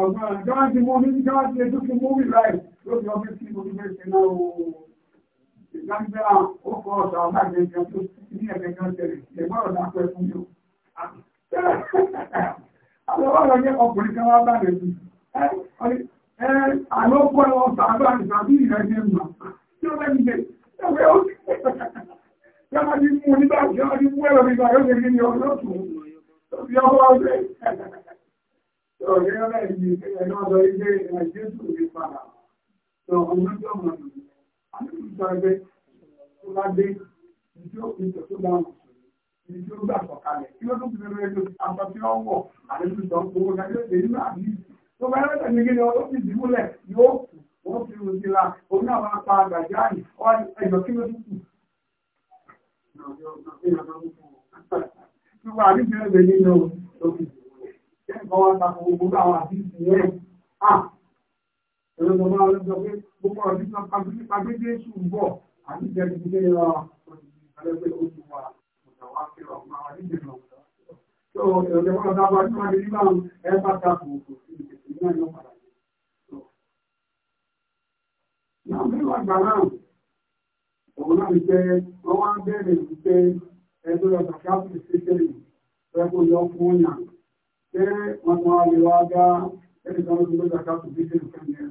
ọ̀gbọ̀n jọ́wọ́n ti mú mi jọ́wọ́n ti lè dúkìá mú mi láì lóbi ọdún sí ìbò ìgbàgbé àwọn ó fọ́ ọ̀sà alágbèéká tó ní ẹ̀ẹ̀kan tẹ̀lé ẹ̀gbọ́n ọ̀dà pẹ́ fún yóò. àwọn ọ̀rọ̀ yẹ ọkùnrin kan wá bá rẹ̀ bí ẹ àlọ́ kọ́ ọ sàgbà ìsàbí ìrẹ́jẹ mọ̀ tí ó bẹ́ẹ̀ nígbè ẹ̀wẹ́ ó ti yọ́nà ní mú nígbà yọ́nà ní mú ẹ̀rọ ọ̀rẹ́ ọ̀rẹ́ ọ̀rẹ́ ọ̀dọ̀ ilé ẹ̀jẹ̀ tó lè padà lọ ọmọdé ọmọdé àdúgbò ẹgbẹ́ tó bá dé ìdí òfin tó tó dáhùn ìdí ó gbà sọ̀kalẹ̀ kí ló tó fi lórí ẹjọ́ àṣà tí wọ́n wọ̀ àdéhùn ìtọ́ owó kájọ́ èyí náà ní tó bá rẹ̀ tẹ̀lé kí ni wọ́n tó fi dìbúlẹ̀ yóò kù wọ́n fi rò sí la òun náà máa pa gbogbo ọdún náà pàgbégbé sùn bọ̀ àti jẹjẹrẹ ìlera ọ̀dùnkẹ́lẹ́gbẹ́ oṣù wa ọ̀dàwà kẹrọ ọ̀gbà àdíjẹ lọ. tó ìrọ̀lẹ́ wọn dábọ̀ àti wọn nígbà ẹ bá ta kò kò sí ìgbésẹ̀ ní àná padà. náà bí wọn gbà náà òun náà jẹ wọn wá bẹ̀rẹ̀ wípé ẹgbẹ́ ọ̀dà káfíń ṣẹ́ṣẹ́rì rẹ́pọ̀ yọ fún yàn ṣé wọn tún wá lè wá dá ẹnìkan ló ń gbé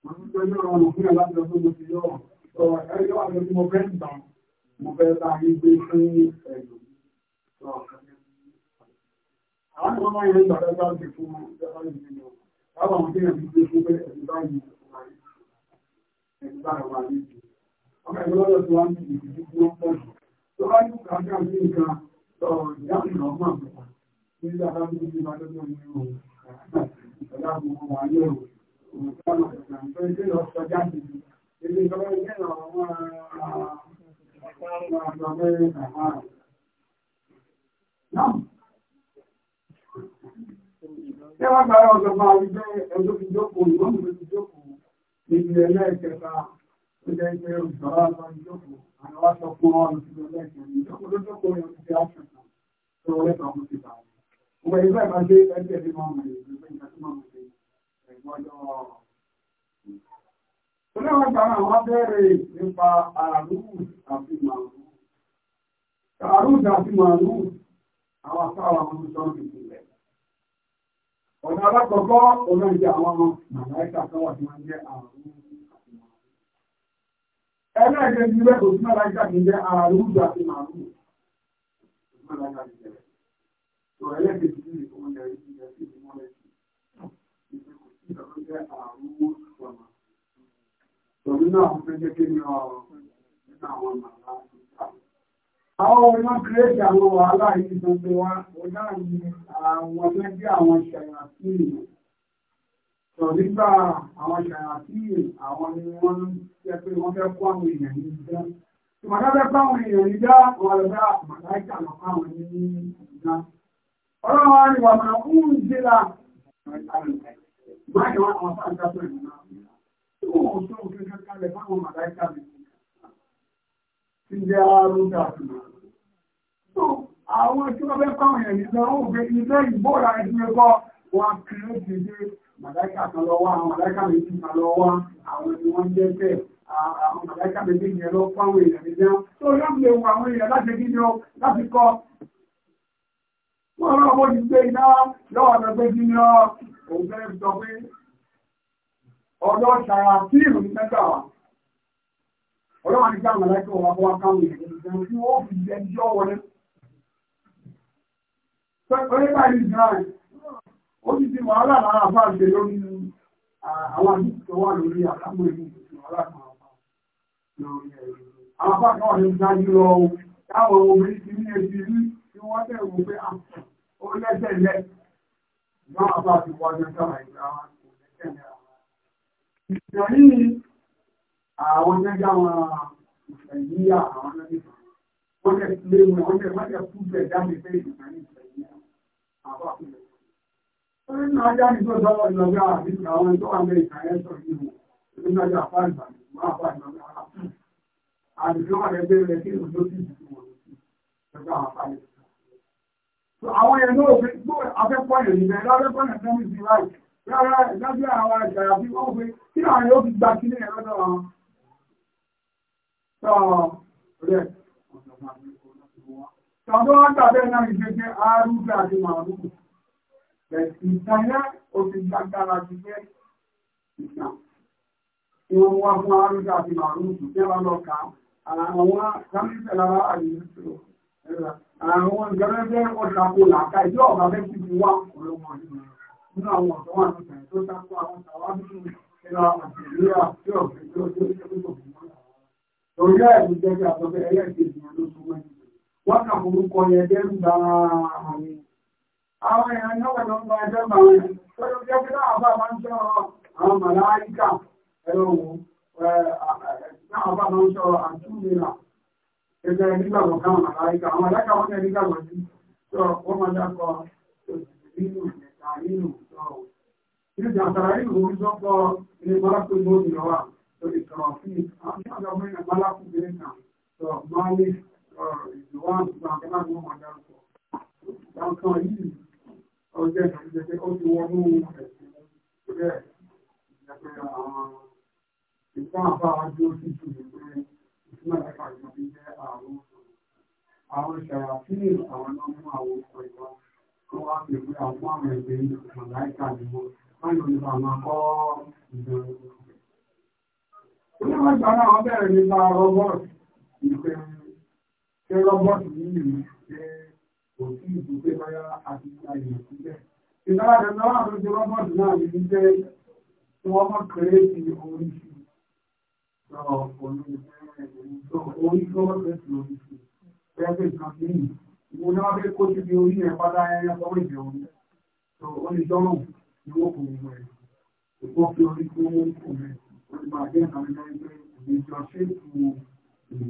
Àwọn ọmọ ìrìn ìgbàdájá ti fún ẹgbẹ́ ìgbìyànjú. Àwọn ọmọ ìrìn ìgbàdájá ti fún ẹgbẹ́ ìgbìyànjú. Ẹgbẹ́ ìgbàdájá ọmọ ẹ̀rọ lọ́dọ̀ tó wá ní ìdíjú tí wọ́n pọ̀ jù tó bá ní kàákà sí nǹkan lọ́rọ̀ ìyáàmìnà ọmọ àgbà nílé adájọ́ ìgbìmọ̀ adọ́jọ́ ìlú ọ̀hún ẹ̀dá àbúrò wọn ayé ọ̀hún ọ̀nà Ṣé wọ́n gbára ọjọ́ máa rí pé ẹjọ́ fi jókòó ìwọ́n mi fi jókòó níbi ẹlẹ́ẹ̀kẹta ó jẹ́ pé olùsọ̀rọ̀ àgbà ìjókòó àwọn wá sọ fún ọ́n ti lọ lẹ́ẹ̀kẹ́ Tọ́lá wọn gbára àwọn abẹ́rẹ̀ nípa àrùn àti màrùn. àti àwọn afáwà wọn tó ń awa lẹ̀. Ọ̀nà alákọ̀ọ́kọ́ àwọn màláìkà kan wà tí wọ́n jẹ́ àrùn àti màrùn. Ẹlẹ́ẹ̀kẹ́ ti àti Àwọn ọmọ kìrẹ́sì àwọn wàhálà yìí tó tó wá, ó náà ní àwọn tó jẹ́ àwọn ṣàyàtíì. Sọ nígbà àwọn ṣàyàtíì àwọn ni wọ́n jẹ́ pé wọ́n fẹ́ kó àwọn èèyàn ní ìdá. Ìmọ̀dá fẹ́ kó àwọn èèyàn ní ìdá, wọ́n lọ bá màláìkà lọ fáwọn ní ìdá. Báyọ̀ àwọn sáàjá tó ìrìnà àmìyàn. Tí wọ́n sọ òfin kankanlẹ̀ fáwọn màláìkà mi. Tí jẹ́ àárún dàtùmà. So, àwọn tí wọ́n fẹ́ fáwọn èèyàn nígbà ó gbé ilé ìbóra ìdúrẹ́ kọ́ wọn kìí dìde màláìkà kan lọ wá, àwọn màláìkà mi ti kan lọ wá, àwọn ni wọ́n jẹ́ tẹ̀. Àwọn màláìkà mi yẹn lọ fáwọn èèyàn nígbà. So, yóò òun fẹ́ sọ pé ọjọ́ ṣàrà fíìmù ní mẹ́ta wa ọlọ́wọ́n ní ká mọ̀lẹ́kọ̀ wà fún akáwọn èèyàn tí ó fi jẹ́ jọ́ wọlé pẹ́pẹ́ báyìí náà ó ti di wàhálà lára àbá àgbẹ̀ lórí àwọn àdúgbò tó wà lórí àlámọ̀ ìlú wàhálà kan lórí ẹ̀rọ àwọn àbá kan wà ní ìdájú lọ táwọn obìnrin náà bá ti wájú sára ìgbà wọn kò lẹ́kẹ̀ ní àwọn. Ìtẹ̀rí àwọn jẹ́gá wọn ìfẹ̀yíyà àwọn lẹ́gbẹ̀ẹ́. Wọ́n jẹ́ sílé wọn, wọ́n jẹ́ wọ́n jẹ́ fúnbẹ̀ jáde pé ìtẹ̀rí ìfẹ̀yíyà àwọn àkùnrin. Ó ní ajá ní tó sọ́wọ́ ìlọ́gbà àti àwọn tó wà ní ìkàyẹ́ sọ ìlú. Ìlú náà fà ìgbà máa fà ìgbà máa fà. Àdìsí wọn rẹ̀ bẹ̀rẹ̀ kí ìlú tó sì dùn wọn. Ẹgbẹ́ àwọn fà ìgbà àwọn yẹn náà fi gbọ́ afẹ́kọ́ ìrìnlẹ̀ lọ́rẹ́kọ́ nàìjíríà ti ráì rárá lábẹ́ àwọn àjàrà bí wọ́n fi kí àwọn yóò fi gba kílé ẹ̀rọ náà tọ́ rẹ̀ tọ́gbọ́n wọn tàbẹ́ náà ìgbẹ́gbẹ́ arúgbà àti màálùkù ìtànyẹ́ òfin gbàgbára ti gbé ìgbà ìwọ̀n wá fún arúgbà àti màálùkù tí wọ́n lọ kà àwọn kámísẹ̀ lára àyè àwọn ìgbẹ́rẹ́gbẹ́ ọ̀ṣàkó làkà ìjọ ọ̀gá bẹ́ẹ̀ ti wá ọlọ́mọ nínú àwọn ọ̀dọ́ nípa tó sáko àwọn sàwábí ìlà àtìlúyà tí ọ̀gbẹ́ tó tó tó tó tó fún ẹ̀ ló jẹ́ kí àtọ́fẹ́ ẹlẹ́ẹ̀kejì ẹgbẹ́ nígbàgbọ́ káwọn àláríkà àwọn aláìkà wọ́n tẹ́ nígbàgbọ́ sí tó wọ́n máa dákọ̀ nínú ẹ̀ta nínú ìtọ́rọ̀ nígbà àtàrà nínú orí sọ́pọ̀ ilé mọ́lápù ló ní lọ́wà tó lè sọ̀rọ̀ sí àwọn tí wọ́n jọ mọ́ ìrìn mọ́lápù bẹ́ẹ̀ kan tó máa lè ìdíwọ́n àtúgbà akẹ́lá ni wọ́n máa dárúkọ dáńkan yìí ọjọ́ ìgbàlejò pé ó ti wọnú ẹ̀sìn bẹ́ẹ̀ ìjẹ́pẹ́ àwọn ìfọ́n àbáwájú ó sì tù mí pé ìtumọ̀ nípa ìgbọ̀n fi jẹ́ àwọn àwọn ṣàyàfíì àwọn ọmọ àwọn ọkọ̀ ìwà tó wá pè pé àwọn àwọn ẹgbẹ́ màláìkà ni wọn láyé nípa àwọn akọ́ ìdán oníwọ̀n ìgbà náà wọ́n bẹ̀rẹ̀ nípa rọ́bọ̀tì ìpè ṣé rọ́bọ̀tì yìí rí ṣe kò sí ìdúpé báyá àti àyè síbẹ̀ ìdára rẹ̀ náà ló ṣe rọ́bọ̀tì náà ní jẹ́ tí wọ́n mọ̀ kéré ti oríṣi orí tó wọ́n fẹ́ sí orí sí pẹ́ẹ́fẹ́ kan sí yìí ìwọ náà fẹ́ kó síbi orí rẹ̀ pátá ẹyẹ sọ́wọ́ ìjẹ orí tó ó lè dọ́rùn ní ó kò wọ ẹ̀ ìgbó fi orí tó wọ́n kò mẹ́ ó ti máa jẹ́ nǹkan mẹ́ta wípé ìjọ ṣe é fún ìlú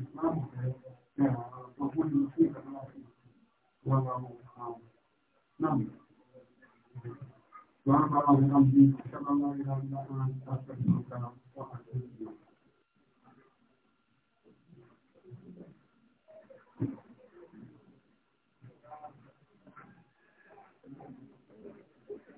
ìsìlámù fẹ́ ẹ̀ àwọn tó ní sí ìgbà náà fi wọ́n wá wọ̀ àwọn náà. وعن بعض الأمر صلى الله عليه وسلم one hundred.